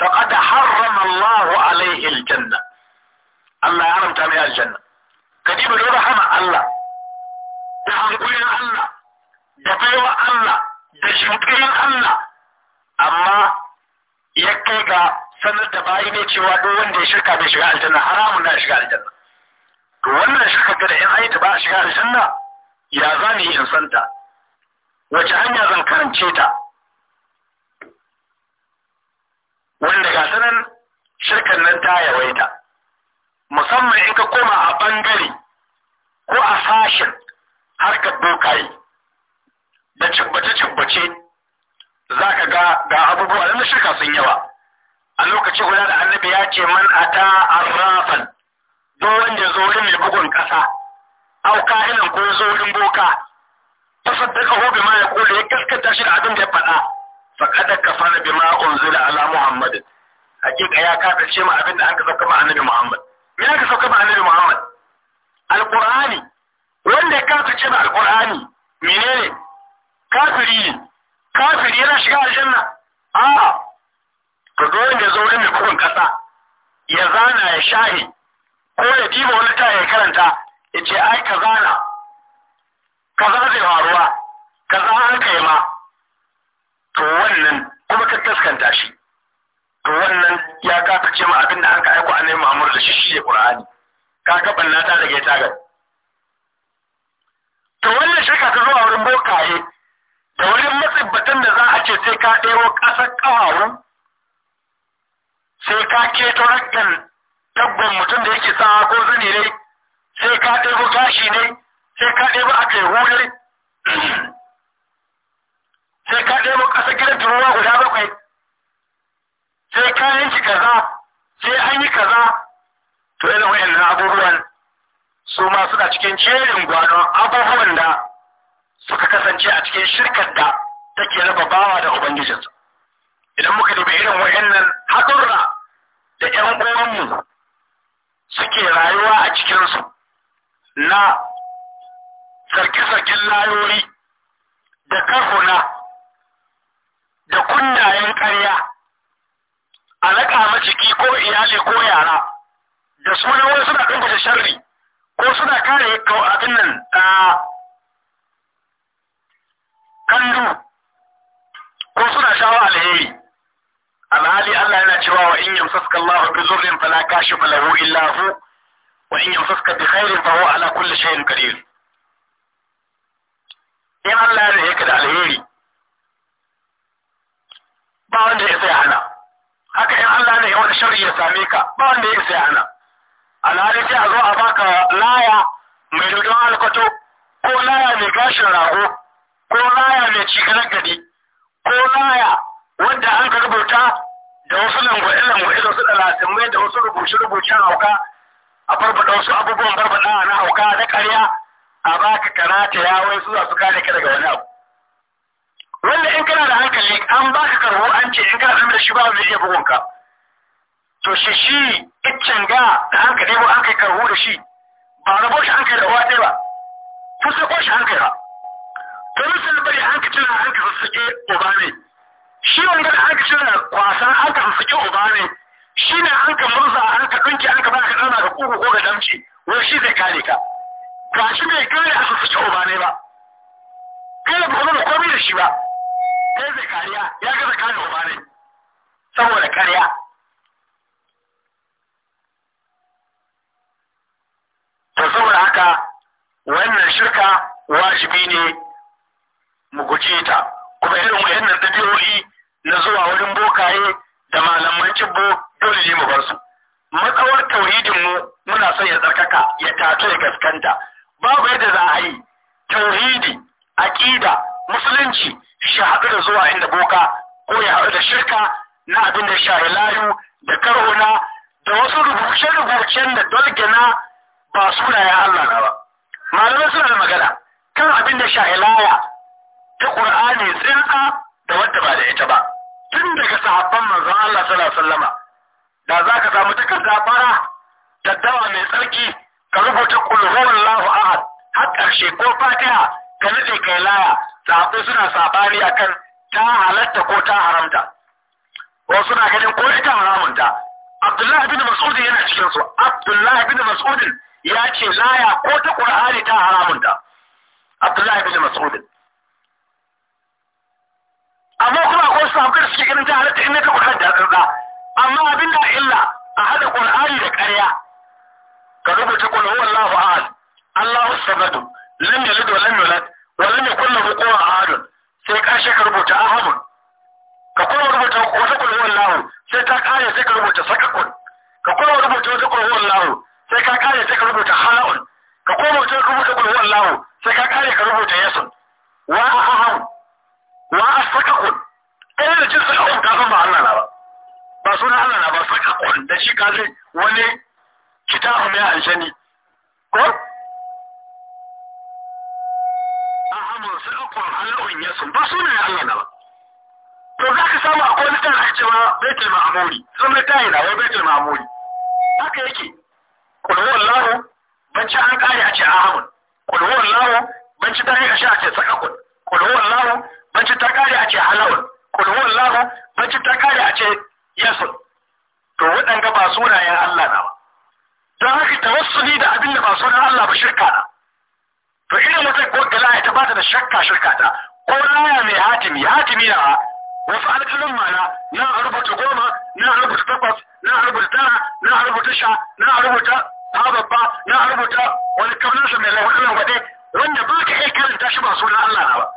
faqad harrama Allah alaihi aljanna Allah ya haramta mai aljanna kadiba da rahama Allah da hankulin Allah da baiwa Allah da shinkirin Allah amma ya kai ga sanar da bayi ne cewa duk wanda ya shirka bai shiga aljanna haramun na shiga aljanna to wannan shirka da in aita ba a shiga aljanna ya zani wace hanya zan karance ta wanda ga sanan shirkan nan ta yawaita musamman in ka koma a bangare ko a sashen harkar dokaye da cibbace-cibbace za ka ga ga abubuwa da shirka sun yawa a lokaci guda da annabi ya ce man ata arrafan Don wanda zo wurin mai bugun kasa au kahinan ko zo wurin boka ta saddaka hobi ma ya kula ya gaskata shi da abin da ya faɗa faqad kafara bima unzila ala muhammad hakika ya kafirce ma abinda an sauka ma annabi muhammad me aka sauka ma annabi muhammad alqur'ani wanda ya kafirce ma alqur'ani menene kafiri ne kafiri yana shiga aljanna a'a ka zo ya zo wurin mai bugun kasa ya zana ya shahi ko ya diba wani ta ya karanta ya ce ai ka zana kaza zai faruwa kaza an kai ma to wannan kuma ka taskanta shi to wannan ya kafa ce ma abin da an ka aiko yi mu'amala da shi shi ne Qur'ani ka ka banna ta daga ga to wannan shirka ta zuwa wurin bokaye da wurin matsibbatan da za a ce sai ka ɗewo ƙasar ƙawawu sai ka keto raggan tabbon mutum da yake sawa ko zane ne sai ka ɗebo gashi ne sai ka ɗebo aka yi ne sai ka ɗebo ƙasa gidan turuwa guda bakwai sai ka yanki kaza sai an yi kaza to irin na abubuwan su ma suna cikin jerin gwano abubuwan da suka kasance a cikin shirkar da take na babawa da ubangijinsa idan muka dubi irin nan haɗurra da ƴan uwanmu suke rayuwa a cikinsu na sarki-sarkin layoyi da kahuna da kunnayen ƙarya a laƙa maciki ko iyali ko yara da sunan wani suna ɗaukata sharri ko suna kare abin nan a kandu ko suna shawo alheri alhali Allah yana cewa wa in yamsaska Allah bi zurrin fala kashifa lahu illa hu wa in yamsaska bi khairin fa huwa ala kulli shay'in qadir in Allah ya rike da alheri ba wanda ya tsaya hana haka in Allah ne wani shari ya same ka ba wanda ya tsaya hana alhali sai a zo a baka laya mai dodon alkwato ko laya mai gashin rago ko laya mai cikin gadi ko laya wanda an ka rubuta da wasu langwaɗe-langwaɗe da wasu mai da wasu rubuce-rubucen hauka a farfaɗa wasu abubuwan farfaɗa na hauka na ƙarya a baka karata ya wai su za su kare ka daga wani abu wanda in kana da hankali an baka karho an ce in kana zama da shi ba zai iya bugunka. ka to shi shi iccen ga da an ka debo an kai karho da shi ba rabo shi an kai da uwa ɗaya ba ko sai ko shi an kai ba to misali bari an ka tuna an ka sassuke uba ne shi wanda da an ka tuna kwasan an ka sassuke uba ne shi ne an ka murza an ka ɗunki an ka ba ka ɗana da ƙugu ko ga damci wani shi zai kare ka ga shi bai kare a sassuke uba ne ba kai ba ku zama komai da shi ba ɗan zakariya ya gaza kare ubanai saboda karya to saboda haka wannan shirka wajibi ne mu guje ta kuma irin wayannan dabi'o'i na zuwa wurin bokaye da malaman cibbo dole ne mu bar su matsawar tauhidin mu muna son ya tsarkaka ya tatu ya gaskanta babu yadda za a yi tauhidi aqida musulunci shi haɗu da zuwa inda boka ko ya haɗu da shirka na abin da shahi layu da karona da wasu rubuce-rubucen da dolgina ba sunayen Allah na ba. Malamai suna da magana kan abin da shahi laya ta Ƙur'ani tsinta da wadda ba da ita ba. Tun daga sahabban manzon Allah sallallahu Sallama, da za ka samu takarda fara daddawa mai tsarki ka rubuta kulhuwallahu ahad har ƙarshe ko fatiha ka ka yi laya sahabbai suna a akan ta halatta ko ta haramta wasu suna ganin ko ita haramunta Abdullahi bin Mas'udin yana cikin su Abdullahi bin Mas'udin ya ce laya ko ta Qur'ani ta haramunta Abdullahi bin Mas'udin. amma kuma akwai sahabbai da suke ganin ta halatta ina ta Qur'ani da tsantsa amma abin da illa a hada Qur'ani da ƙarya ka rubuta qul huwallahu ahad Allahu samad lam yalid wa lam yulad wa lam yakul lahu kuwa ahadun sai ka ka rubuta ahadun ka kuma rubuta wata kulhuwan lahu sai ta kare sai ka rubuta sakakun ka kuma rubuta wata kulhuwan lahu sai ka kare sai ka rubuta hala'un ka kuma rubuta rubuta kulhuwan lahu sai ka kare ka rubuta yasun wa ahadun wa asakakun ɗaya da jinsin ahun ta ba Allah na ba ba sunan Allah na ba sakakun da shi kaje wani kitabun ya aljani ko mursilukum halun yasun ba sunan Allah na ba to za ka samu akwai wani tana cewa baitul ma'muri sun da tayi na wai baitul ma'muri haka yake kul wallahu ban ci an kare a ce ahamun kul wallahu ban ci tare a sha a ce sakakun kul wallahu ban ci ta kare a ce halawun kul wallahu ban ci ta kare a ce yasun to waɗanga ba sunayen Allah na ba don haka tawassuli da abin da ba sunan Allah ba shirka na to irin wata gwaggala ta ba ta da shakka shakka ta ko laya mai hatimi hatimi na wasu alƙalin mana na rubuta goma na rubuta takwas na rubuta tara na rubuta sha na rubuta hababba na rubuta wani kamnansa mai lahudunan waɗe wanda ba ka iya karanta shi ba sunan Allah na ba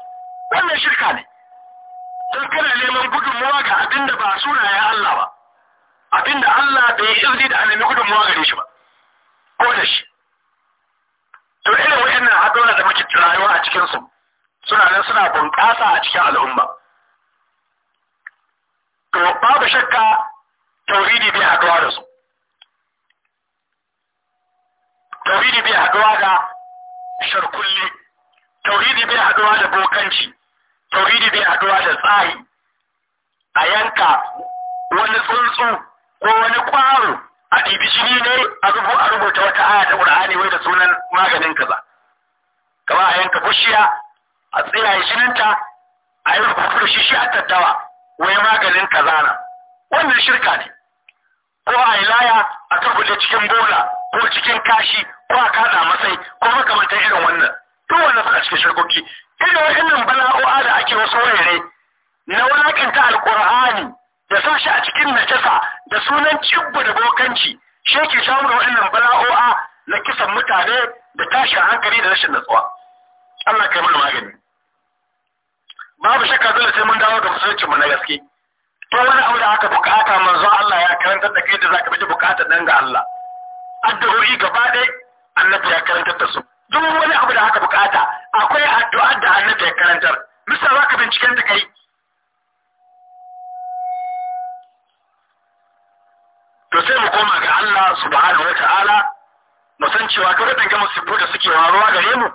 wannan shirka ne don kana neman gudunmuwa ga abin da ba sunayen Allah ba abin da Allah bai yi izini da annabi gudunmuwa gare shi ba ko da shi to irin wayannan haɗura da muke rayuwa a cikin su suna nan suna bunƙasa a cikin al'umma to babu shakka tauhidi bai haɗuwa da su tauhidi bai haɗuwa da sharkulli tauhidi bai haɗuwa da bokanci tauhidi bai haɗuwa da tsari a yanka wani tsuntsu ko wani ƙwaro a ɗibi shi ne a a rubuta wata aya ta ƙur'ani wai da sunan maganin kaza kamar a yanka bushiya a tsiraye shirinta a yi rubuta da shi shi a tattawa wai maganin kaza na wannan shirka ne ko a yi laya a turbuɗe cikin bola ko cikin kashi ko a kada masai ko makamantar irin wannan duk wannan suna cikin shirkoki irin wannan bala'o'a da ake wasu wayare na wulakanta alƙur'ani da sa shi a cikin najasa da sunan cibbu da bokanci shi ke samu da waɗannan bala'o'a na kisan mutane da tashin hankali da rashin natsuwa Allah kai mana magani babu shakka dole sai mun dawo ga musulunci mu na gaske to wani abu da aka bukata manzo Allah ya karantar da kai da zaka bi bukatar nan ga Allah addu'o'i gaba ɗaya annabi ya karantar da su duk wani abu da aka bukata akwai addu'a da annabi ya karantar misal zaka binciken da kai to sai mu koma ga Allah subhanahu wa ta'ala mu san cewa duk waɗanda musibbu da suke waruwa gare mu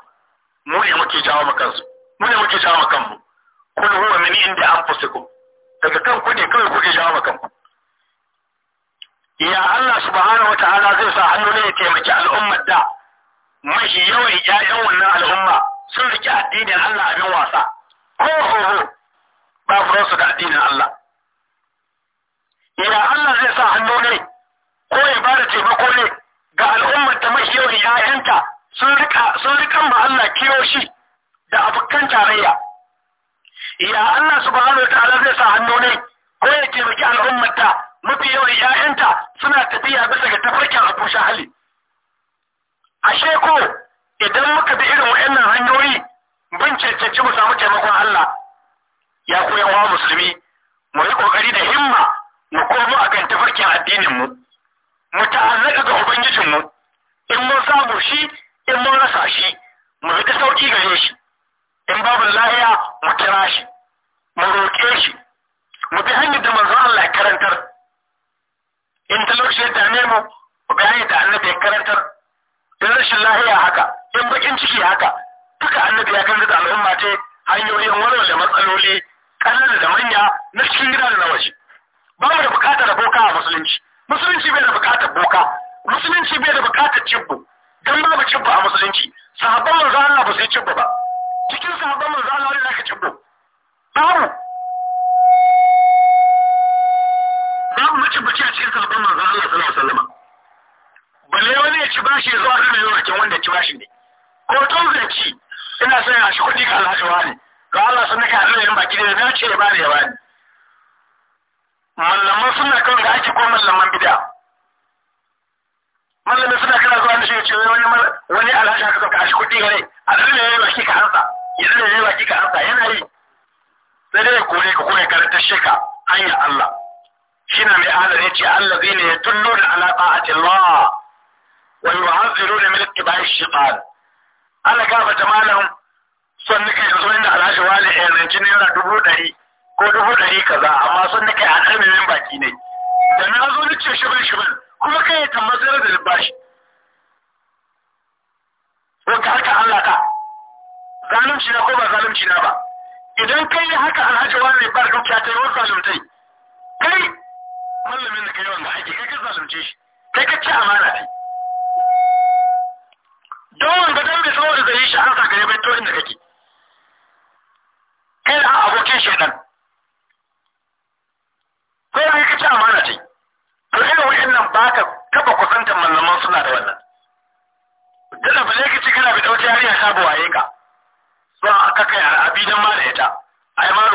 mu ne muke jawo mu kansu mu ne muke jawo mu kun huwa min inda anfusikum daga kan ku ne kawai kuke jawo mu ya Allah subhanahu wa ta'ala zai sa hannu ne ya taimaki al'ummar da mashi yawan ƴaƴan wannan al'umma sun riƙe addinin Allah abin wasa ko ho ba furansu da addinin Allah Ya Allah zai sa hannu ne ko ya bada taimako ne ga al'ummar ta mahiyar yayanta sun rika sun rika ma Allah shi da abokan tarayya ya Allah subhanahu wa ta'ala zai sa hannu ne ko ya taimaki al'ummar ta mafi yawan yayanta suna tafiya bisa ga tafarkin Abu hali. ashe ko idan muka bi irin wa'annan hanyoyi ban cancanci mu samu taimakon Allah ya koyan wa musulmi mu yi kokari da himma mu komo akan tafarkin addinin mu mu ta'allaka ga ubangijin mu in mun samu shi in mun rasa shi mu bi sauki gare shi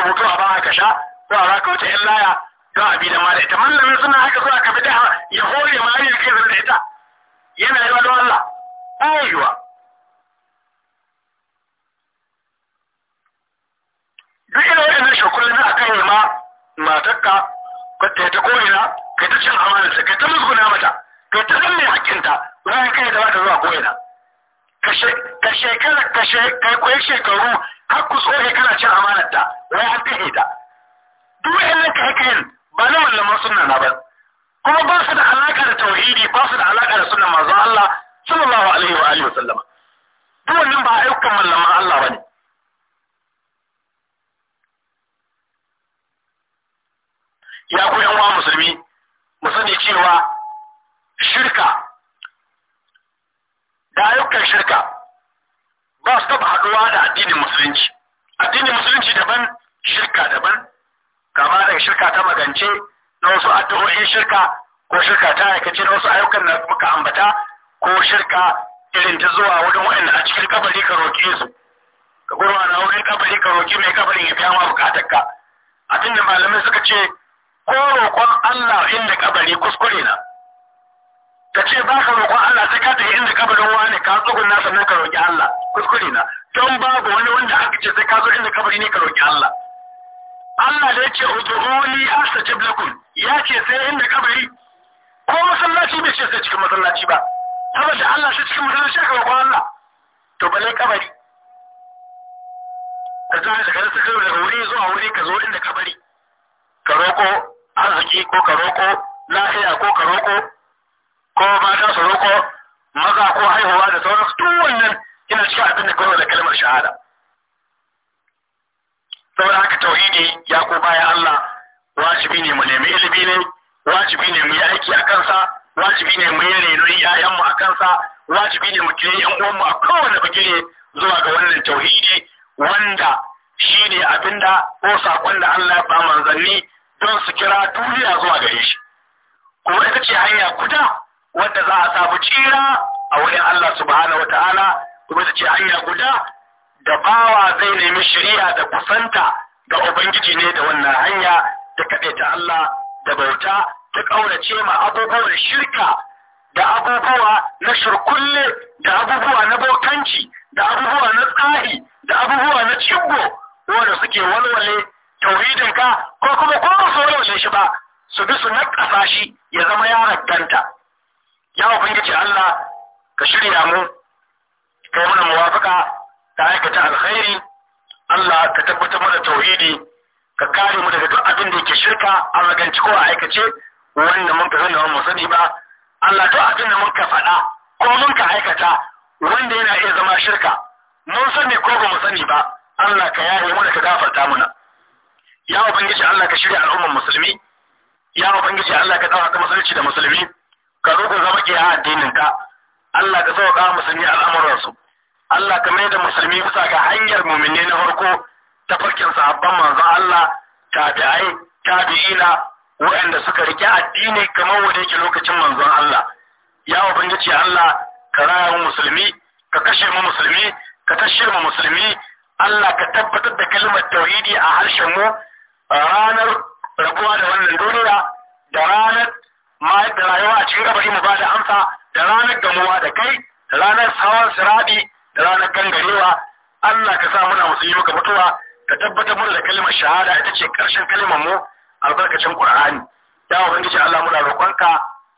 ka hoto a baka ka sha ko a baka wata yan laya za a bi da mala ita mallamin suna haka zuwa ka fita ya hore ma ya kai zan da ita yana yi wa don Allah ayyuwa duk ina waɗannan shakulun za a kai ma matakka ka ta ko'ina ka ta cin amanarsa ka ta musguna mata ka ta zan mai hakinta bayan kai da ba ta zuwa ko'ina ka shekara ka shekaru har ku tsohe kana cin amanar ta wai an kahe ta duk wayannan kai kayan ba na mallaman sunna na ba kuma ba su da alaƙa da tauhidi ba su da alaƙa da sunan manzon Allah sallallahu alaihi wa alihi wasallam duk wannan ba ayyukan mallaman Allah ba ne? ya ku yan uwa musulmi mu sani cewa shirka da ayyukan shirka ba su taba haɗuwa da addinin musulunci addinin musulunci daban shirka daban kama daga shirka ta magance na wasu addu'o'in shirka ko shirka ta aikace na wasu ayyukan da muka ambata ko shirka irin ta zuwa wurin waɗanda a cikin kabari ka roƙe su ka gurma na wurin kabari ka roƙi mai kabarin ya biya ma bukatar ka abinda malamai suka ce ko roƙon Allah inda kabari kuskure na ka ce ba ka roƙon Allah sai ka yi inda kabarin wani ka tsugun nasa nan ka roƙi Allah kuskure na don babu wani wanda aka ce sai ka zo inda kabari ne ka roƙi Allah Allah da yake udhuni astajib lakum ya ce sai inda kabari ko masallaci bai ce sai cikin masallaci ba saboda Allah sai cikin masallaci ka roƙon Allah to bale kabari ka zo da kada sai da wuri zuwa wuri ka zo inda kabari ka roƙo arziki ko ka roƙo lafiya ko ka roƙo ko mata su ko maza ko haihuwa da sauran tun wannan yana cikin abin da kawai da kalmar shahada saboda haka tauhidi ya ko baya Allah wajibi ne mu nemi ilimi ne wajibi ne mu yi aiki a kansa wajibi ne mu yi renon ‘ya'yanmu a kansa, wajibi ne mu kire ‘yan mu a kowane bikini zuwa ga wannan tauhidi wanda shi ne abin da ko saƙon da Allah ya ba manzanni don su kira duniya zuwa gare shi. Kuma ita ce hanya guda wanda za a samu tsira a wurin Allah subhanahu wata'ala ta'ala kuma ta ce hanya guda da bawa zai nemi shari'a da kusanta ga Ubangiji ne da wannan hanya da kaɗaita Allah da bauta ta ƙaurace ma abubuwan shirka da abubuwa na shirkulle da abubuwa na bokanci da abubuwa na tsahi da abubuwa na cibbo wanda suke walwale tauhidin ka ko kuma ko su walwale shi ba su bi su nakasa shi ya zama ya ragganta ya ubangiji Allah ka shirya mu kai mana muwafaka ta aikata alkhairi Allah ka tabbatar mana tauhidi ka kare mu daga duk abin da yake shirka a maganci ko a aikace wanda mun ka sani ba mu sani ba Allah to abin da mun ka faɗa ko mun ka aikata wanda yana iya zama shirka mun sani ko ba mu sani ba Allah ka yare mu da ka gafarta muna ya ubangiji Allah ka shirya al'ummar musulmi ya ubangiji Allah ka dawo ka musulunci da musulmi ka zo zama ke a addinin ka Allah ka sauka musulmi al'amuran su Allah ka mai da musulmi bisa ga hanyar mu'mini na farko ta farkin sahabban manzon Allah tabi'ai tabi'ina waɗanda suka rike addini kamar wanda yake lokacin manzon Allah ya ubangiji Allah ka raya mu musulmi ka kashe mu musulmi ka tashe mu musulmi Allah ka tabbatar da kalmar tauhidi a harshen mu ranar rabuwa da wannan duniya da ranar mayar da rayuwa a cikin kabari mu ba da amsa da ranar gamuwa da kai da ranar hawan sirabi da ranar gangarewa Allah ka sa muna musu yi muka mutuwa ka tabbatar mana da kalmar shahada ita ce karshen kalmar mu albarkacin Qur'ani ya ubangiji Allah muna roƙonka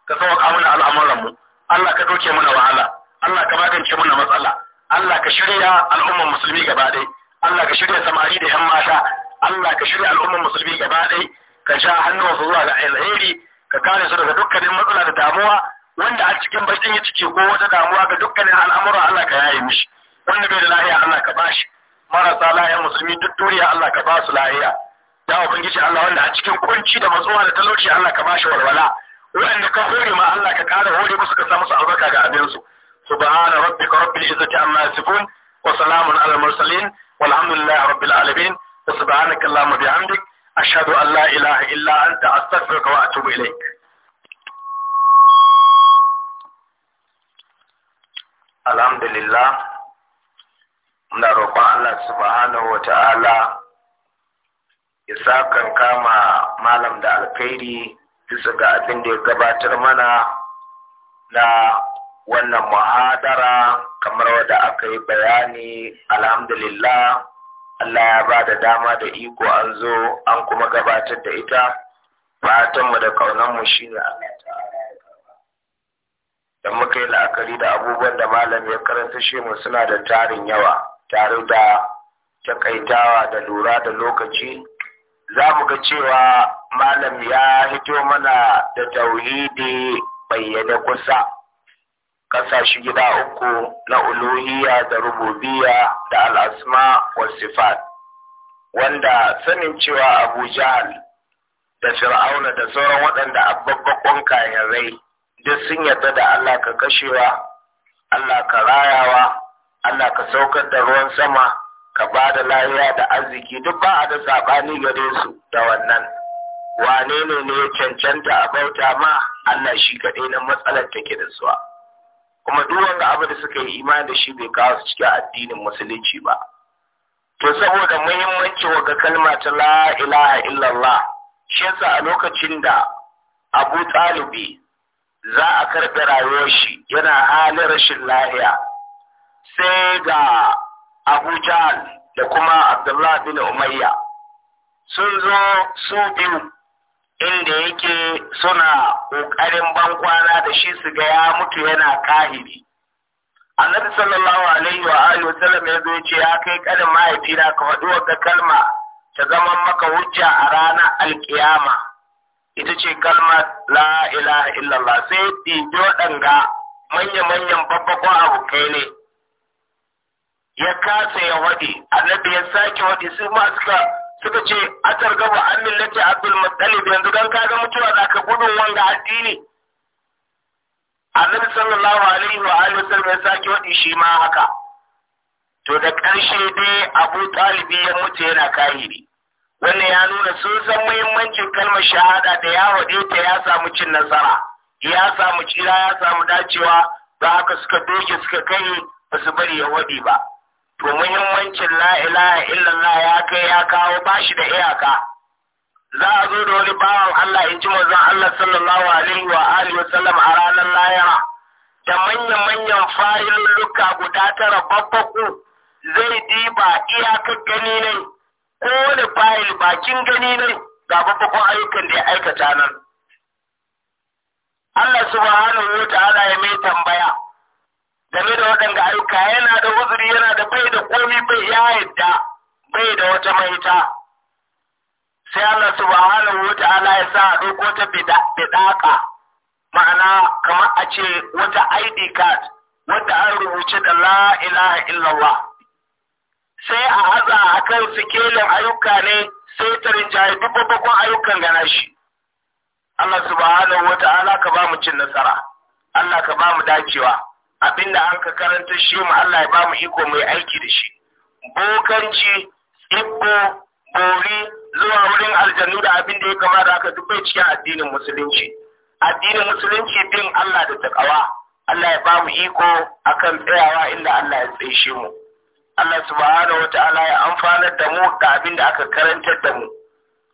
ka sauka mana al'amuran mu Allah ka doke mana wahala Allah ka magance mana matsala Allah ka shirya al'ummar musulmi gaba ɗaya Allah ka shirya samari da 'yan mata Allah ka shirya al'ummar musulmi gaba ɗaya ka sha hannuwansu zuwa ga alheri ka kare su daga dukkanin matsala da damuwa wanda a cikin bakin ya ciki ko wata damuwa ga dukkanin al'amuran Allah ka yaye mishi wanda bai da lahiya Allah ka bashi marasa lahiya musulmi duk duniya Allah ka basu su lahiya ya ubangiji Allah wanda a cikin kunci da matsuwa da talauci Allah ka bashi walwala wanda ka hore ma Allah ka kara hore musu ka sa musu albarka ga abin su subhana rabbika rabbil izzati amma yasifun wa salamun alal mursalin walhamdulillahi rabbil alamin subhanaka allahumma bihamdika ashhadu an la ilaha illa anta astaghfiruka wa atubu alhamdulillah muna roƙon Allah subhanahu wa ta'ala ya sakan kama malam da alkhairi bisa ga abin da ya gabatar mana na wannan muhadara kamar wadda aka yi bayani alhamdulillah Allah ya ba da dama da iko an zo an kuma gabatar da ita fatanmu da kaunanmu shi ne da muka yi la'akari da abubuwan da malam ya karanta shi mu suna da tarin yawa tare da takaitawa da lura da lokaci za mu ga cewa malam ya hito mana da tauhidi bayyane kusa kasashe gida uku na uluhiya da Rububiya da al'asma wa sifat wanda sanin cewa abu jahal da fir'auna da sauran waɗanda ababbakon kayan rai duk sun yarda da allah ka kashewa allah ka rayawa allah ka saukar da ruwan sama ka ba da lahiya da arziki duk ba a da saɓani gare su da wannan wane ne ne cancanta a bauta ma allah shi kaɗai na matsalar take da suwa kuma duk wanda abu da suka yi imani da shi bai kawo su cikin addinin musulunci ba to saboda muhimmanci wa kalma ta la ilaha illallah shi yasa a lokacin da Abu Talibi za a karɓi rayuwar shi yana halin rashin lahiya sai ga Abu Jahal da kuma Abdullah bin Umayya sun zo su biyu inda yake suna ƙoƙarin bankwana da shi su ga ya mutu yana kahiri annabi sallallahu alaihi wa alihi wasallam ya zo ce ya kai ƙarin mahaifina ka faɗi wata kalma ta zama maka hujja a ranar alkiyama ita ce kalmar la ilaha illallah sai ɗibi waɗanga manya-manyan babbakon abokai ne ya kasa ya waɗi annabi ya sake waɗi su ma suka suka ce a targaba an millati abdul muttalib yanzu dan kaga mutuwa za ka gudun wanga addini annabi sallallahu alaihi wa alihi wasallam ya saki wadi shi ma haka to da karshe dai abu talib ya mutu yana kahiri wannan ya nuna sun san muhimmancin kalmar shahada da ya wade ta ya samu cin nasara ya samu cira, ya samu dacewa da haka suka doke suka kai ba su bari ya wade ba to muhimmancin la ilaha illallah ya kai ya kawo bashi da iyaka za a zo da wani bawan Allah in ji manzon Allah sallallahu alaihi wa alihi wasallam a ranar layara da manyan manyan luka guda tara babbaku zai diba iyakar gani ne da fa'il bakin gani ne ga babbakun ayyukan da ya aikata nan Allah subhanahu wa ta'ala ya mai tambaya game da waɗanda ayyuka yana da uzuri yana da bai da komi bai ya yadda bai da wata maita sai Allah subhanahu wa ta'ala ya sa a ɗauko ta bidaka ma'ana kamar a ce wata ID card wanda an rubuce da la ilaha illallah sai a haza a kan sikelin ayyuka ne sai ta rinjaye duk babban ayyukan gana shi Allah subhanahu wa ta'ala ka ba mu cin nasara Allah ka ba mu dacewa abinda an ka karanta shi mu Allah ya ba mu iko mu yi aiki da shi bokanci tsibbo bori zuwa wurin aljannu da abin da ya kamata aka dubbe cikin addinin musulunci addinin musulunci bin Allah da takawa Allah ya bamu iko akan tsayawa inda Allah ya tsaye mu Allah subhanahu wata'ala ya amfana da mu da abin da aka karanta da mu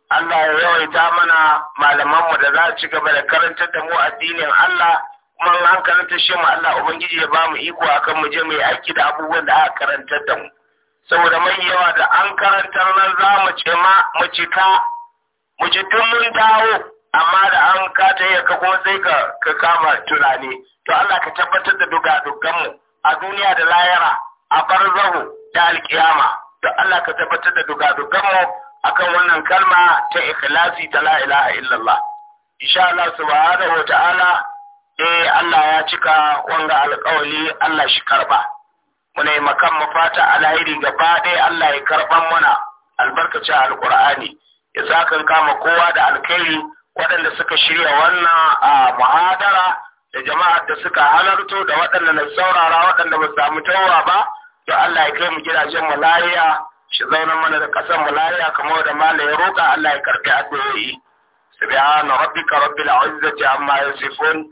Allah ya yawaita mana malaman mu da za su ci gaba da karantar da mu addinin Allah kuma an karanta shi mu Allah ubangiji ya bamu iko akan mu je mu yi aiki da abubuwan da aka karantar da mu saboda mai yawa da an karantar nan za mu ce ma mu cika mu ci tun mun dawo amma da an ka ta yi ka kuma sai ka ka kama tunani to Allah ka tabbatar da duga dukkan mu a duniya da layara a barzahu da alkiyama to Allah ka tabbatar da duga dukkan mu akan wannan kalma ta ikhlasi ta la ilaha illallah insha Allah subhanahu wa ta'ala eh Allah ya cika wanga alƙawali Allah shi karba muna yi makan mu fata alheri gaba ɗaya Allah ya karban mana albarkacin alƙur'ani ya sakan kama kowa da alkairi waɗanda suka shirya wannan a muhadara da jama'ar da suka halarto da waɗanda na saurara waɗanda ba samu tawa ba to Allah ya kai mu gidajen mu shi zauna mana da ƙasar malariya kamar da malai ya roƙa Allah ya karbi addu'o'i subhana rabbika rabbil izzati amma yasifun